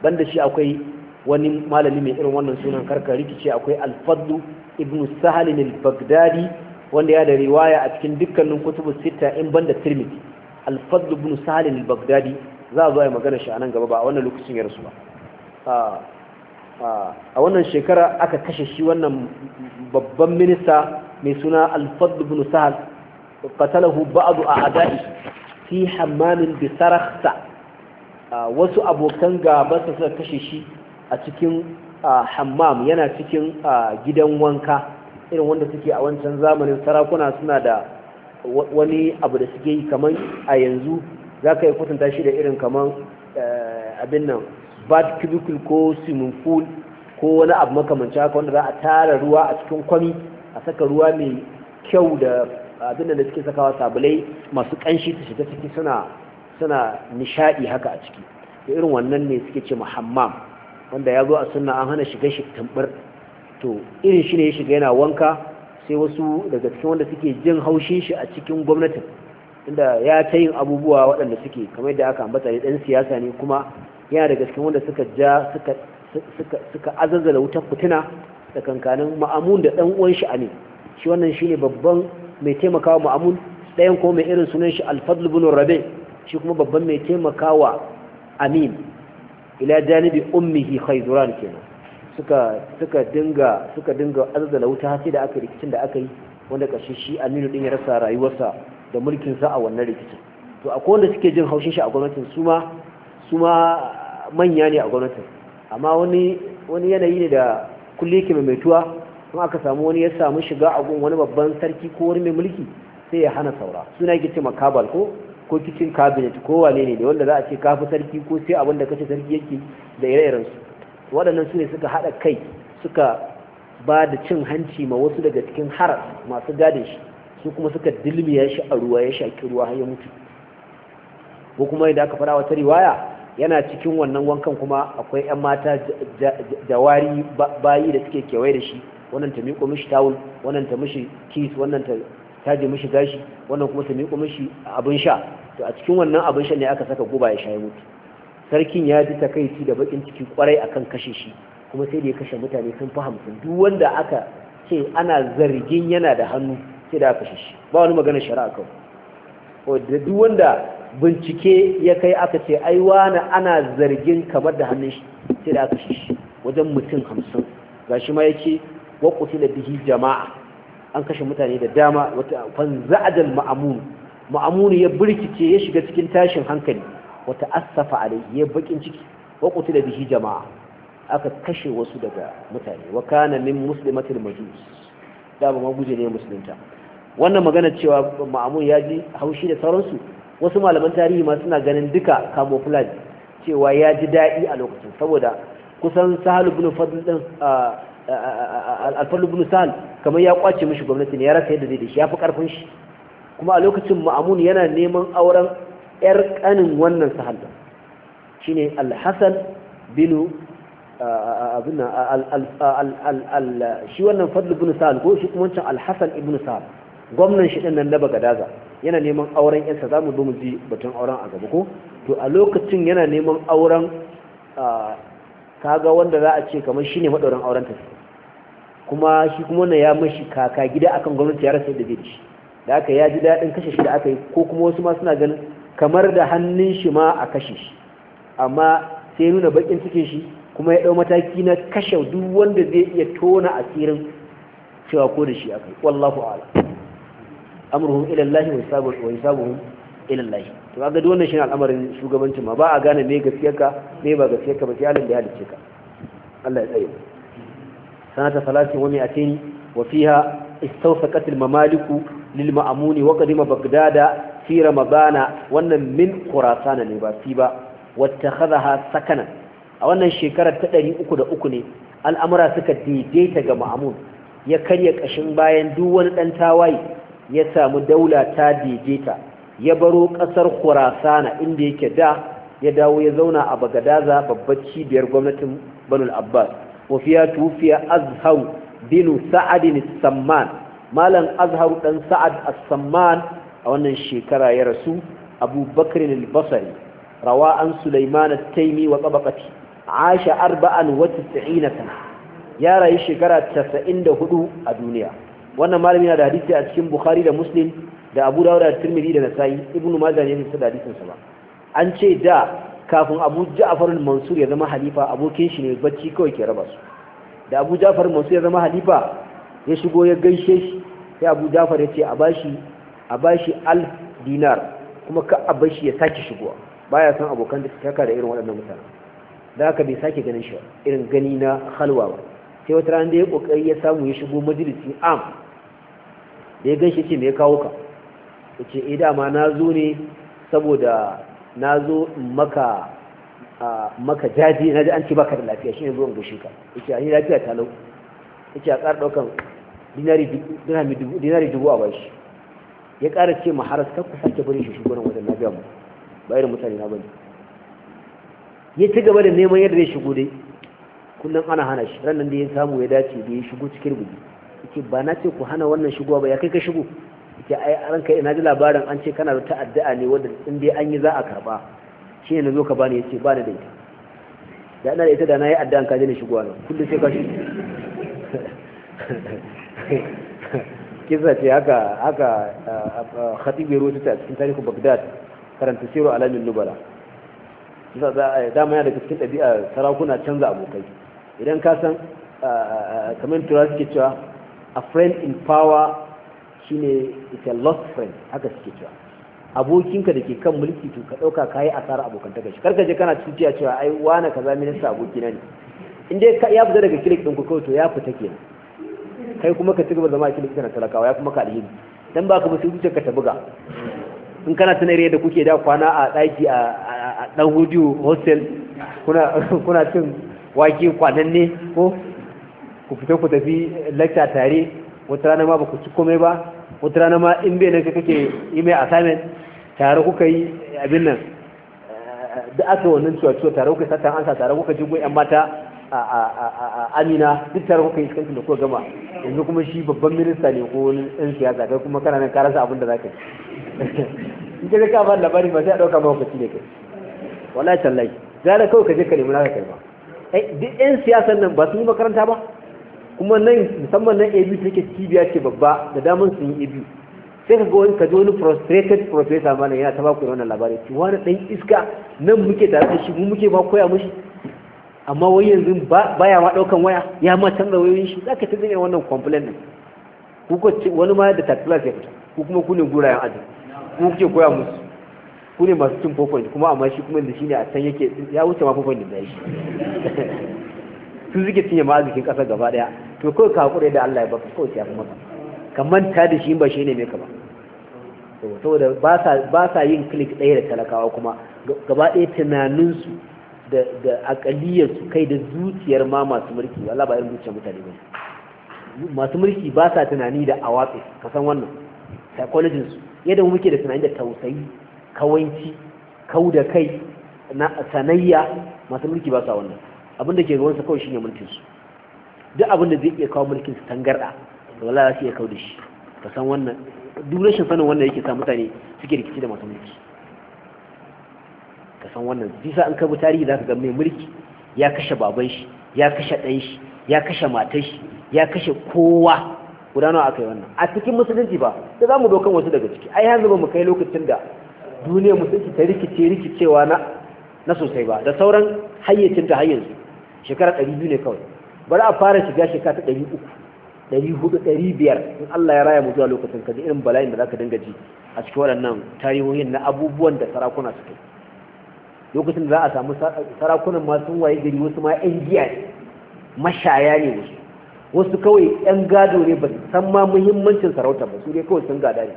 banda shi akwai wani malami mai irin wannan sunan karka rikici akwai alfadu ibn sahalin al-baghdadi wanda ya da riwaya a cikin dukkanin kutubu sita in banda tirmidhi al-fadl ibn salim al-baghdadi za a zo ya magana shi a nan gaba ba a wannan lokacin ya rasu ba a wannan shekara aka kashe shi wannan babban minista mai suna al-fadl ibn sahal qatalahu a a'da'i fi hammamin bi sarakhsa wasu abokan gaba suka kashe shi a cikin hammam yana cikin gidan wanka irin wanda suke a wancan zamanin sarakuna suna da wani abu da suke yi kamar a yanzu za ka yi kwatanta shi da irin kamar eh, abin nan bat cubicle ko swimming pool ko wani abu makamanci haka wanda za a tara ruwa a cikin kwami a saka ruwa mai kyau da abin nan da suke sakawa sabulai masu kanshi ta shiga ciki suna suna nishadi haka a ciki irin wannan ne suke ce muhammam wanda ya zo a sunna an hana shiga shi tambar to irin shi ne ya shiga yana wanka sai wasu daga cikin wanda suke jin haushin shi a cikin gwamnatin inda ya ta yin abubuwa waɗanda suke kamar da aka ambata ne ɗan siyasa ne kuma yana daga cikin wanda suka ja suka suka suka azazzala wutar fitina da kankanin ma'amun da ɗan uwan shi wannan shi wannan shine babban mai taimakawa ma'amun ɗayan ko mai irin sunan shi alfadl ibn rabi shi kuma babban mai taimakawa amin ila janibi ummihi khayduran kenan suka dinga suka dinga azzala wuta sai da aka rikicin da aka yi wanda kashi shi Aminu din ya rasa rayuwarsa da mulkin sa a wannan rikicin to akwai wanda suke jin haushin shi a gwamnatin su ma su ma manya ne a gwamnatin amma wani wani yanayi ne da kulle ke maimaituwa kuma aka samu wani ya samu shiga a gun wani babban sarki ko wani mai mulki sai ya hana saura suna yake ce makabal ko ko kicin cabinet ko wane ne wanda za a ce kafi sarki ko sai abin da kace sarki yake da ire-irensu waɗannan su ne suka haɗa kai suka ba da cin hanci ma wasu daga cikin haras masu gadin shi su kuma suka dilmiya shi a ruwa ya shaƙi ruwa har ya mutu ko kuma idan aka fara wata riwaya yana cikin wannan wankan kuma akwai ƴan mata jawari bayi da suke kewaye da shi wannan ta miƙo mishi tawul wannan ta mishi kis wannan ta taje mishi gashi wannan kuma ta miƙo mishi abin sha to a cikin wannan abin sha ne aka saka guba ya sha ya mutu sarkin ya ji takaici da bakin ciki kwarai akan kashe shi kuma sai da ya kashe mutane sun fi hamsin duk wanda aka ce ana zargin yana da hannu sai da aka kashe shi ba wani magana shari'a kawai da duk wanda bincike ya kai aka ce aiwa na ana zargin kamar da hannun shi sai da aka kashe shi wajen mutum hamsin gashi ma yake wa da bihi jama'a an kashe mutane da dama wata fanza'adal ma'amun ma'amun ya birkice ya shiga cikin tashin hankali wata asafa alai ya bakin ciki wa qutila bihi jama'a aka kashe wasu daga mutane wa kana min muslimatil majus da ba ma guje ne musulunta wannan magana cewa ma'amun ya ji haushi da sauransu wasu malaman tarihi ma suna ganin duka camouflage cewa ya ji daɗi a lokacin saboda kusan sahal ibn fadl din alfadl ibn sahal kamar ya kwace mishi gwamnati ne ya rasa yadda zai da shi ya fi karfin shi kuma a lokacin ma'amun yana neman auren yar ƙanin wannan sahabba shine ne alhassan binu abin shi wannan fadl ibn sa’ad ko shi kuma wancan Alhassan ibn sa’ad gwamnan shi ɗin nan na bagadaza yana neman auren yansa zamu zo mu ji batun auren a gaba ko to a lokacin yana neman auren kaga wanda za a ce kamar shine maɗaurin auren ta kuma shi kuma wannan ya mashi kaka gida akan gwamnati ya rasa da bai da aka ya ji daɗin kashe shi da aka yi ko kuma wasu ma suna ganin kamar da hannun shi ma a kashe shi amma sai nuna bakin cikin shi kuma ya ɗau mataki na kashe duk wanda zai iya tona asirin cewa ko da shi akai wallahu ala amruhum ila Allah wa sabu wa hisabuhum ila Allah to kaga duk wannan shine al'amarin shugabancin ma ba a gane me ka, me ba ka, ba sai Allah da ya halice ka Allah ya tsaye sanata salati wa mi'atin wa fiha istawsaqat al mamaliku lil ma'amuni wa qadima baghdada fi ramadana wannan min kurasana ne ba fi ba wattakhadha sakana a wannan shekarar ta ɗari uku da uku ne al'amura suka daidaita ga ma'amun ya karya kashin bayan duk wani ɗan tawaye ya samu daula ta daidaita ya baro ƙasar kurasana inda yake da ya dawo ya zauna a bagadaza babbar cibiyar gwamnatin banul abbas wafiya tufiya azhar binu sa'adin samman malam azhar ɗan sa'ad as-samman a wannan shekara ya rasu abu bakr al-basri rawa an sulaiman al taymi wa tabaqati aisha arba'an ya rayu shekara 94 a duniya wannan malami na da hadisi a cikin bukhari da muslim da abu dawud da tirmidhi da nasa'i ibnu majah ne da hadisin sa ba an ce da kafin abu ja'far al-mansur ya zama halifa abokin shi ne bacci kawai ke raba su da abu ja'far al-mansur ya zama halifa ya shigo ya gaishe shi sai abu ja'far ya ce a bashi a bashi al dinar kuma ka a bashi ya sake shigowa baya san abokan da taka da irin waɗannan mutane da aka bai sake ganin shi irin gani na halwa ba sai wata rana da ya kokari ya samu ya shigo majalisin am da ya gan shi ce me ya kawo ka ce eh dama na zo ne saboda na zo maka maka jaji na ji an ce baka da lafiya shi ne zuwan gushe ka ya ce yi lafiya talau ce a ƙara ɗaukan dinari dubu a bashi ya ƙara ce ma har kan ku sake bari shi shugo wajen na biya mu ba irin mutane na bane ya ci gaba da neman yadda ya shigo dai kullum ana hana shi ran da ya samu ya dace da ya shigo cikin rubuji yake ba na ce ku hana wannan shigo ba ya kai ka shigo yake ai ranka ina ji labarin an ce kana da ta'addaa ne wanda in dai an yi za a karba shi ne nazo ka bani yace ba ni da ita da ina da ita da na yi addu'a ka je ne shigo nan kullum sai ka shigo kisa ce haka haka khatibi rubuta a cikin tarihin bagdad karanta siro alamin nubala kisa dama yana da cikin ɗabi'a sarakuna canza abokai idan ka san kamar tura suke cewa a friend in power shine ne a lost friend haka suke cewa abokinka da ke kan mulki to ka ɗauka ka yi asara abokan ta gashi karkace kana cikin cewa ai wane kaza minista abokina ne in dai ya fita daga kirik ɗin ku kawai to ya fita kenan kai kuma ka cigaba zama a cikin likitan talakawa ya kuma ka alheri dan ba ka ba sai ka ta buga in kana tunare da kuke da kwana a daki a dan hudu hostel kuna kuna cin wake ne ko ku fita ku tafi lecture tare wata rana ma ba ku ci komai ba wata rana ma in bai nan kake yi mai assignment tare kuka yi abin nan eh, da aka wannan cuwa-cuwa tare kuka satan ansa tare kuka ji 'yan mata a amina duk tare kuka yi iskanci da kuka gama yanzu kuma shi babban minista ne ko wani ɗan siyasa kai kuma kana nan karasa abin da za ka yi in ka ka ba labari ba sai a ɗauka ma hukaci ne kai wala tallahi gara kawai ka je ka nemi naka kai ba eh, duk ɗan siyasan nan ba su yi makaranta ba kuma nan musamman nan abu take cibiya ce babba da daman sun yi abu sai ka ga wani ka ji wani frustrated professor ma yana ta baku da wannan labari ci wani ɗan iska nan muke tare da shi mu muke ba koya mushi amma wai yanzu baya ma daukan waya ya ma canza wayoyin shi zaka ta zama wannan complain din ku ko wani ma da tattala ya fita ku kuma ku ne yan ajin ku kuke koya musu ku ne masu cin point kuma amma shi kuma da shine a can yake ya wuce ma point da shi su suke cinye ma azikin ƙasa gaba daya to kawai ka hakure da Allah ya baka kawai ya maka ka manta da shi ba shi ne mai ka ba saboda ba sa yin click ɗaya da talakawa kuma gaba ɗaya tunaninsu da akaliyar su kai da zuciyar ma masu mulki Allah ba irin zuciyar mutane ba masu mulki ba sa tunani da awatsi ka san wannan psychology su yadda muke da tunani da tausayi kawanci kau da kai na sanayya masu mulki ba sa wannan abin da ke gaban su kawai shine mulkin su duk abin da zai iya kawo mulkin su tangarda wallahi za su iya kau da shi ka san wannan duk rashin sanin wannan yake sa mutane suke rikici da masu mulki ka san wannan bisa an kabu tarihi zaka ga mai mulki ya kashe baban shi ya kashe ɗan shi ya kashe matar shi ya kashe kowa gudanar aka yi wannan a cikin musulunci ba da za mu dokan wasu daga ciki ai yanzu ba mu kai lokacin da duniyar musulunci ta rikice rikicewa na na sosai ba da sauran hayyacin ta hayyanzu shekara ɗari biyu ne kawai bari a fara shiga shekara ta ɗari uku ɗari hudu ɗari biyar in Allah ya raya mu zuwa lokacin ka ji irin bala'in da za ka dinga ji a cikin waɗannan tarihohin na abubuwan da sarakuna suke yi lokacin da za a samu sarakunan masu waye gari wasu ma yan giya ne mashaya ne wasu wasu kawai yan gado ne ba su san ma muhimmancin sarauta ba su dai kawai sun gada ne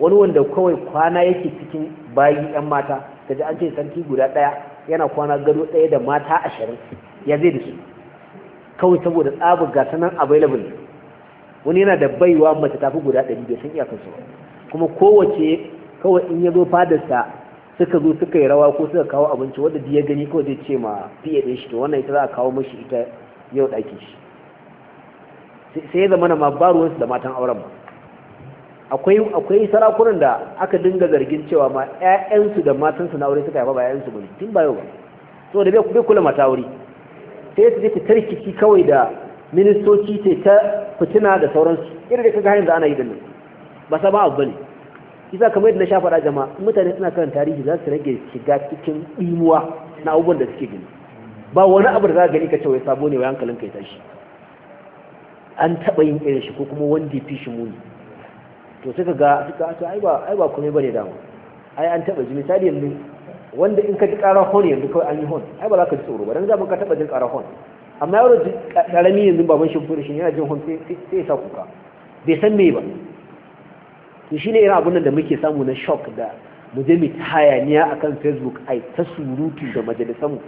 wani wanda kawai kwana yake cikin bayi yan mata ji an ce sarki guda ɗaya yana kwana gado ɗaya da mata ashirin ya zai da su kawai saboda tsabar gasa nan available wani yana da baiwa mace tafi guda ɗari bai san iyakansu ba kuma kowace kawai in ya zo fadarsa suka zo suka yi rawa ko suka kawo abinci wanda ya gani ko zai ce ma fiye ɗin shi to wannan ita za a kawo mashi ita yau ɗakin shi sai ya zama na ma wasu da matan auren ba akwai akwai sarakunan da aka dinga zargin cewa ma ƴaƴansu da matansu na aure suka yaba ba ƴaƴansu bane tun ba yau ba So, da bai kula mata aure sai su je ta tarkici kawai da ministoci ce ta fitina da sauransu irin da kaga hanyar da ana yi dinnan ba sa ba abu bane isa kamar yadda na sha faɗa jama'a mutane suna kan tarihi za su rage shiga cikin imuwa na abubuwan da suke gani ba wani abu da za gani ka cewa ya sabo ne wa hankalin ka ya tashi an taɓa yin irin shi ko kuma wanda ya fi shi muni to sai ka ga suka to ai ba ai ba komai bane dama ai an taɓa ji misali yanzu wanda in ka ji ƙara hon yanzu kawai an yi hon ai ba za ka ji tsoro ba dan zaman ka taɓa jin ƙara hon amma yaro ji ƙarami yanzu baban shi shi yana jin hon sai ya sa kuka bai san me ba to shi ne abun nan da muke samu na shock da mu je mu a akan facebook ai ta surutu da majalisanmu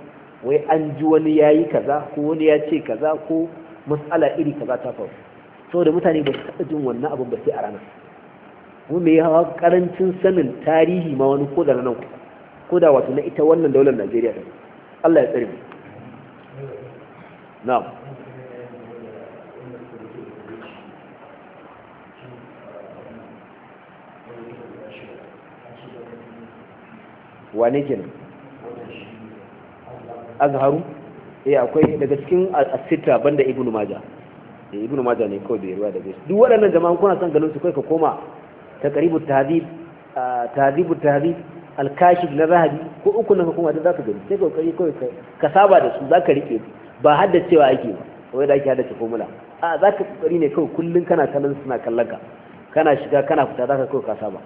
wai an ji wani yayi kaza ko wani ya ce kaza ko matsala iri kaza ta faru saboda mutane ba su taɓa jin wannan abin ba sai a ranar mu mai hawa karancin sanin tarihi ma wani ko da nan ko da wato na ita wannan daular Najeriya din Allah ya tsare mu na'am wane kenan azharu eh akwai daga cikin asita banda ibnu maja eh ibnu maja ne kawai da yarwa da gaske duk waɗannan jama'an kuna son ganin su kai ka koma taqribu tahdhib tahdhibu tahdhib al-kashif na zahabi ko uku nan hukuma da zaka gani sai kokari kai ka saba da su zaka rike ba haddacewa ake ba wai da ake haddace formula a zaka kokari ne kawai kullun kana kallon suna kallon ka kana shiga kana fita zaka kai ka saba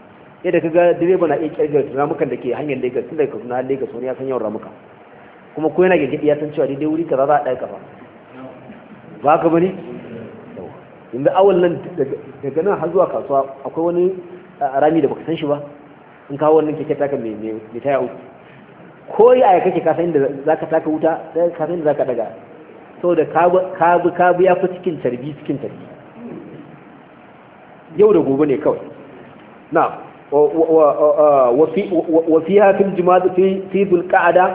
yadda ga direba na iya kirgar ramukan da ke hanyar legas tun daga Kaduna legas wani ya san yawan ramuka kuma ko yana gidi ya san cewa daidai wuri kaza za a ɗaya kafa ba ka bane inda awal nan daga nan har zuwa kasuwa akwai wani rami da baka san shi ba in kawo wannan keke taka mai taya uku ko yaya kake ka san inda za ka taka wuta sai ka san inda zaka daga saboda ka bi ka bi ya fi cikin tarbi cikin tarbi yau da gobe ne kawai na'am وفيها في الجماد في في ذو القعدة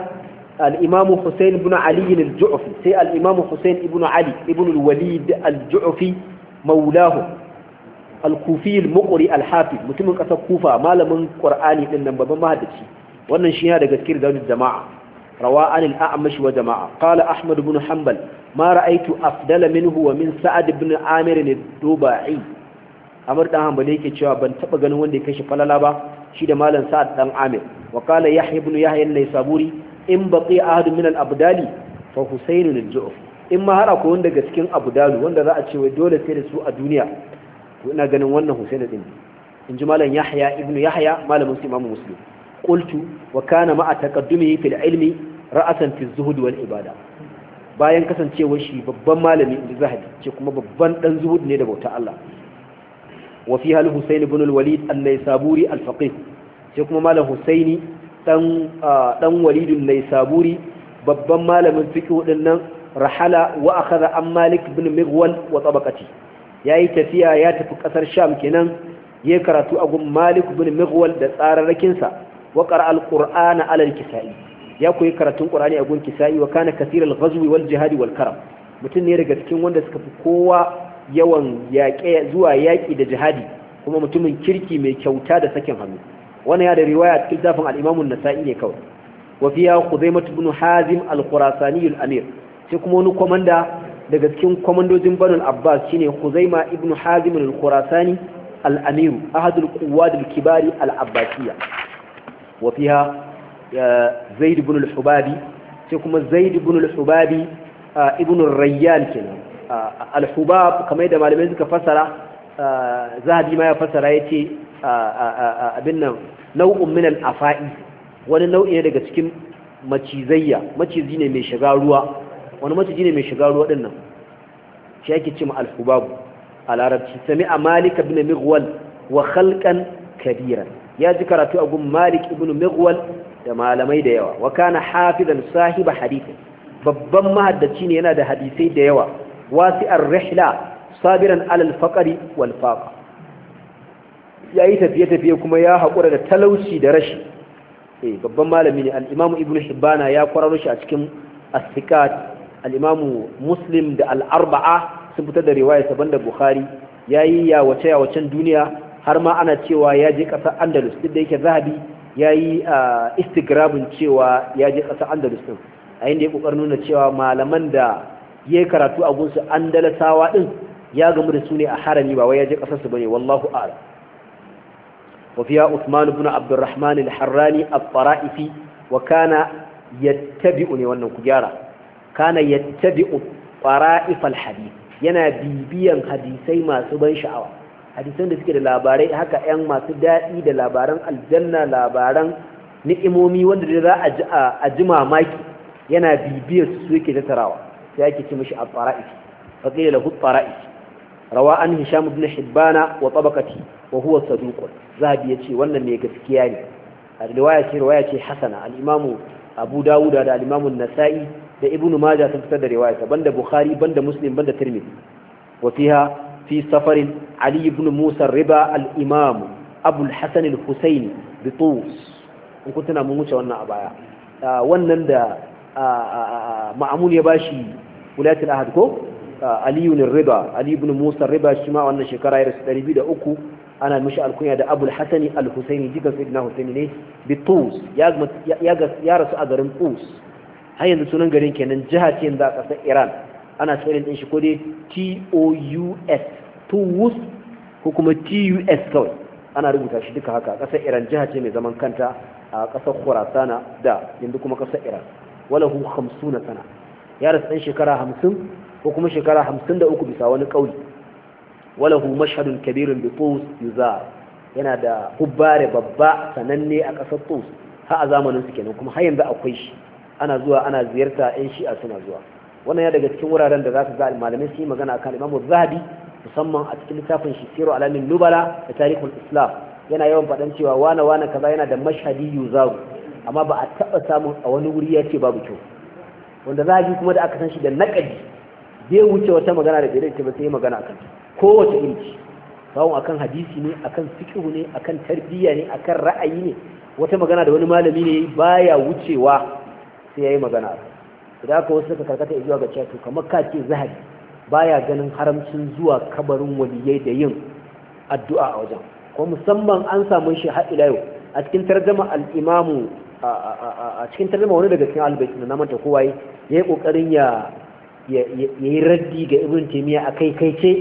الإمام حسين بن علي الجعفي سي الإمام حسين بن علي بن الوليد الجعفي مولاه الكوفي المقري الحافظ متم قصة كوفة ما لم قرآني لأن بابا ما هدتش وأن الشيء هذا دون الجماعة رواء عن الأعمش وجماعة قال أحمد بن حنبل ما رأيت أفضل منه ومن سعد بن عامر الدوباعي amr dan hanbali yake cewa ban taba ganin wanda ya kashi falala ba shi da malam sa'ad dan amir wa qala yahya ibn yahya an Saburi in baqi ahad min al-abdali fa husayn al-ju'f in ma har akwai wanda daga cikin abdalu wanda za a ce wai dole sai da su a duniya to ina ganin wannan husayn din in ji malam yahya ibn yahya malamin su imamu muslim qultu wa kana ma'a taqaddumihi fil ilmi ra'asan fi zuhud wal ibada bayan kasancewar shi babban malami inda zahabi ce kuma babban dan zuhud ne da bauta Allah wa fi hal Husayn ibn an-Naysaburi al-Faqih sai kuma malam Husaini ɗan dan Walid babban malamin fiqh din nan rahala wa akhadha an Malik ibn Mughwal wa tabaqati yayi tafiya ya tafi kasar Sham kenan yayi karatu a gun Malik ibn Mughwal da tsararrakin sa wa qara al ala kisai ya koyi karatun Qur'ani a gun Kisa'i wa kana kathir al wal jihad wal karam mutum ne daga cikin wanda suka fi kowa yawan yaƙe zuwa yaƙi da jihadi kuma mutumin kirki mai kyauta da sakin hannu wannan ya da riwaya cikin zafin al-Imam an-Nasa'i ne kawai wa fiya Khuzaimah ibn Hazim al-Khurasani al-Amir sai kuma wani komanda daga cikin komandojin Banu abbas shine Khuzaimah ibn Hazim al-Khurasani al-Amir ahad al-quwad al-kibari al-Abbasiyya wa fiha Zaid ibn al-Hubabi sai kuma Zaid ibn al-Hubabi ibn ar-Rayyan kenan al-hubab kamar da malamai suka fassara zahabi ma ya fassara yace abin nan nau'un min al-afa'i wani nau'i ne daga cikin macizayya macizi ne mai shiga ruwa wani maciji ne mai shiga ruwa dinnan shi yake cewa al-hubab a larabci sami'a malik ibn mighwal wa khalqan kabiran ya ji karatu a gun malik ibn mighwal da malamai da yawa wa kana hafizan sahiba hadith babban mahaddaci ne yana da hadisai da yawa wasi'ar rihla sabiran alal faqari wal Ya yayi tafiye tafiye kuma ya haƙura da talauci da rashi e babban malami ne al-Imam Ibn Hibbana ya kwararo shi a cikin as-Sikat al Muslim da al-Arba'a sun fitar da riwaya saban da Bukhari yayi ya wace ya wacen duniya har ma ana cewa ya je ƙasa Andalus duk da yake Zahabi a istigrabin cewa ya je ƙasa Andalus din a inda ya kokarin nuna cewa malaman da ya yi karatu a gunsu andalasawa ɗin ya gamu da su ne a harami ba wai ya je ƙasarsu ba ne wallahu ala wafiya usman ibn abdurrahman al-harrani al-fara'ifi wa kana yattabi'u ne wannan ku gyara kana yattabi'u fara'if al-hadith yana bibiyan hadisai masu ban sha'awa hadisan da suke da labarai haka yan masu daɗi da labaran aljanna labaran ni'imomi wanda da za a ji mamaki yana bibiyar su yake tattarawa sai ake ce mishi at-tara'i fa lahu at-tara'i rawa an hisham ibn hibbana wa tabaqati wa huwa saduq zahabi yace wannan ne gaskiya ne riwaya ce riwaya ce hasana al-imamu abu dawuda da al-imamu an-nasa'i da ibnu majah sun fitar da riwaya ta banda bukhari banda muslim banda tirmidhi wa fiha fi safarin ali ibn musa riba al-imam abu al-hasan al-husaini bi tus in kun tana mun wuce wannan a baya ah, wannan da ma'amun ya bashi wulatul ahad ko aliyu ne riba ali ibn musa riba shi ma wannan shekara ya rasu 203 ana mishi alkunya da abul hasani al-husaini jika sayyidina husaini ne bi tus ya rasu a garin tus har yanzu sunan garin kenan jiha ce yanzu a kasar iran ana tsarin din shi ko dai t o u ko kuma t u kawai ana rubuta shi duka haka kasar iran jiha ce mai zaman kanta a kasar kurasana da yanzu kuma kasar iran walahu 50 sana ya rasu dan shekara 50 ko kuma shekara 53 bisa wani kauli walahu mashhadun kabirun bi tus yuzar yana da hubbare babba sananne a kasar tus har a zamanin su kenan kuma har yanzu akwai shi ana zuwa ana ziyarta yan shi'a suna zuwa wannan ya daga cikin wuraren da za su ga malamai su yi magana akan imamu zahabi musamman a cikin littafin shi siru alamin nubala da tarihul islam yana yawan faɗan cewa wane wane kaza yana da mashhadi yuzaru amma ba a taba samun a wani wuri ya ce babu kyau wanda za ji kuma da aka san shi da naƙadi bai wuce wata magana da bai ba sai magana akan kowace inci bawon akan hadisi ne akan fiqh ne akan tarbiyya ne akan ra'ayi ne wata magana da wani malami ne baya wucewa sai yayi magana idan aka wasu suka karkata zuwa ga cewa to kamar ka ce zahabi baya ganin haramcin zuwa kabarin waliyai da yin addu'a a wajen ko musamman an samu shi har ila yau a cikin tarjama al-imamu a cikin tarjama wani daga cikin albaitin na manta kowa ya yi kokarin ya yi raddi ga ibn taymiya akai kai ce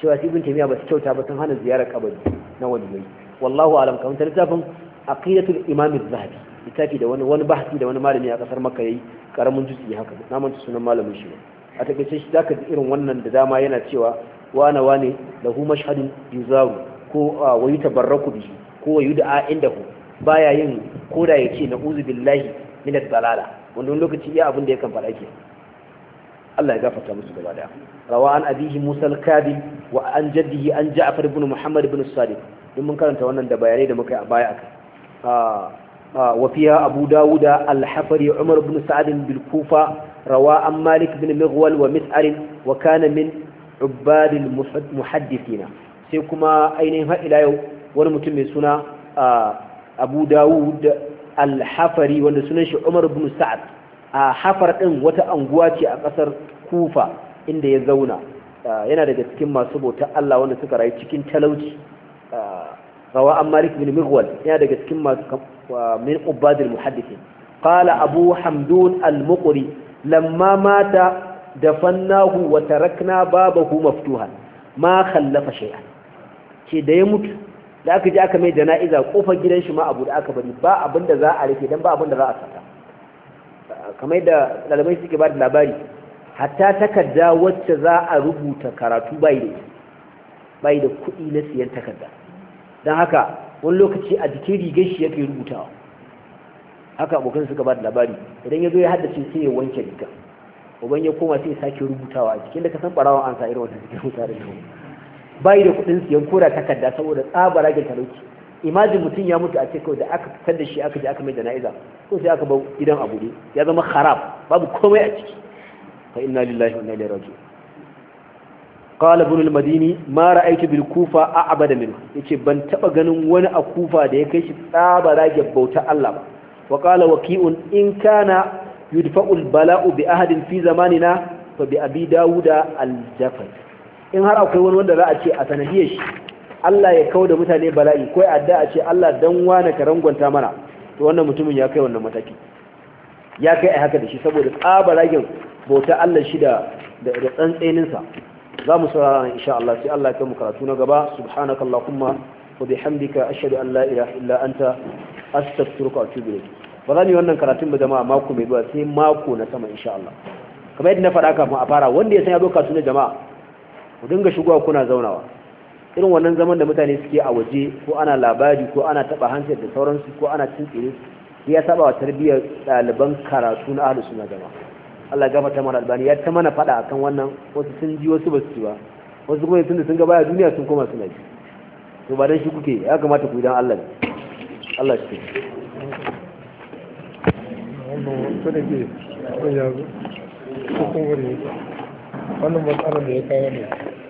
cewa shi ibn taymiya ba su kyauta ba sun hana ziyarar kabari na wani mai wallahu alam kamar tarjafin aqidatul imam az-zahabi littafi da wani wani bahsi da wani malami a kasar makka yayi karamin juzi haka na manta sunan malamin shi a takaice shi zaka ji irin wannan da dama yana cewa wana wane lahu mashhadin yuzaru ko ah, wa yi tabarraku bihi ko wa yi da'a inda ku baya yin koda ya ce na uzu billahi min dalala wanda wani lokaci iya abin da ya kan faɗa ke Allah ya gafarta musu gaba daya rawa an abihi musa al-kabil wa an jaddihi an ja'far ibn muhammad ibn sadiq din mun karanta wannan da bayanai da muka yi a baya akai ah, ah, wa fiya abu Dawud al-hafari umar ibn sa'd bil kufa rawa an malik ibn mughwal wa mis'al wa kana min عباد المحدثين sai kuma ainihin haɗila yau wani mutum mai suna abu dawud alhafari wanda sunan shi umar bin sa'ad a hafar ɗin wata anguwa ce a ƙasar kufa inda ya zauna yana daga cikin masu bauta allah wanda suka rayu cikin talauci rawa an malik bin mirwal yana daga cikin masu min ubadil muhaddisi qala abu hamdun al-muqri lamma mata dafannahu wa tarakna babahu maftuhan ma khallafa shay'an ce da ya mutu da aka ji aka mai na'iza kofar gidan shi ma abu da aka bari ba abin da za a rike don ba abin da za a sata kamar da ɗalibai suke ba da labari hatta takarda wacce za a rubuta karatu bai da kuɗi na siyan takarda don haka wani lokaci a jikin rigar shi yake rubutawa haka abokan suka ba da labari idan ya zo ya haddace sai ya wanke rigar uban ya koma sai ya sake rubutawa a jikin da ka san ɓarawa an sa irin wata jikin mutane da bai da kuɗin siyan kura takarda saboda tsaba rage talauci imajin mutum ya mutu a cikin da aka fitar da shi aka je aka mai jana'iza ko sai aka bar gidan a buɗe ya zama kharab babu komai a ciki fa inna lillahi wa inna ilaihi raji'un qala ibn al-madini ma ra'aytu bil kufa a'bada minhu yace ban taba ganin wani a kufa da ya kai shi tsaba rage bauta Allah ba wa qala waqi'un in kana yudfa'u al-bala'u bi ahadin fi zamanina fa bi abi dawuda al-jafari in har akwai wani wanda za a ce a sanadiyar shi Allah ya kawo da mutane bala'i ko adda a ce Allah dan wane ka rangwanta mana to wannan mutumin ya kai wannan mataki ya kai a haka da shi saboda tsabaragen bauta Allah shi da da tsantseninsa za mu saurara insha Allah sai Allah ya kai mu karatu na gaba subhanakallahumma wa bihamdika ashhadu an la ilaha illa anta astaghfiruka wa atubu ilayk ba za yi wannan karatun ba jama'a mako mai zuwa sai mako na sama insha Allah kamar yadda na faɗa kafin a fara wanda ya san ya zo na jama'a ku dinga shigowa kuna zaunawa irin wannan zaman da mutane suke a waje ko ana labari ko ana taba hansar da sauransu ko ana cin tsire ya saba wa tarbiyyar ɗaliban karatu na ahlus sunna jama'a Allah ta mana albani ya ta mana fada akan wannan wasu sun ji wasu ba su ji ba wasu kuma da sun ga baya duniya sun koma suna ji to ba dan shi kuke ya kamata ku yi dan Allah Allah shi wannan ne ke ya zo kuma ne wannan matsalar da ya kawo ne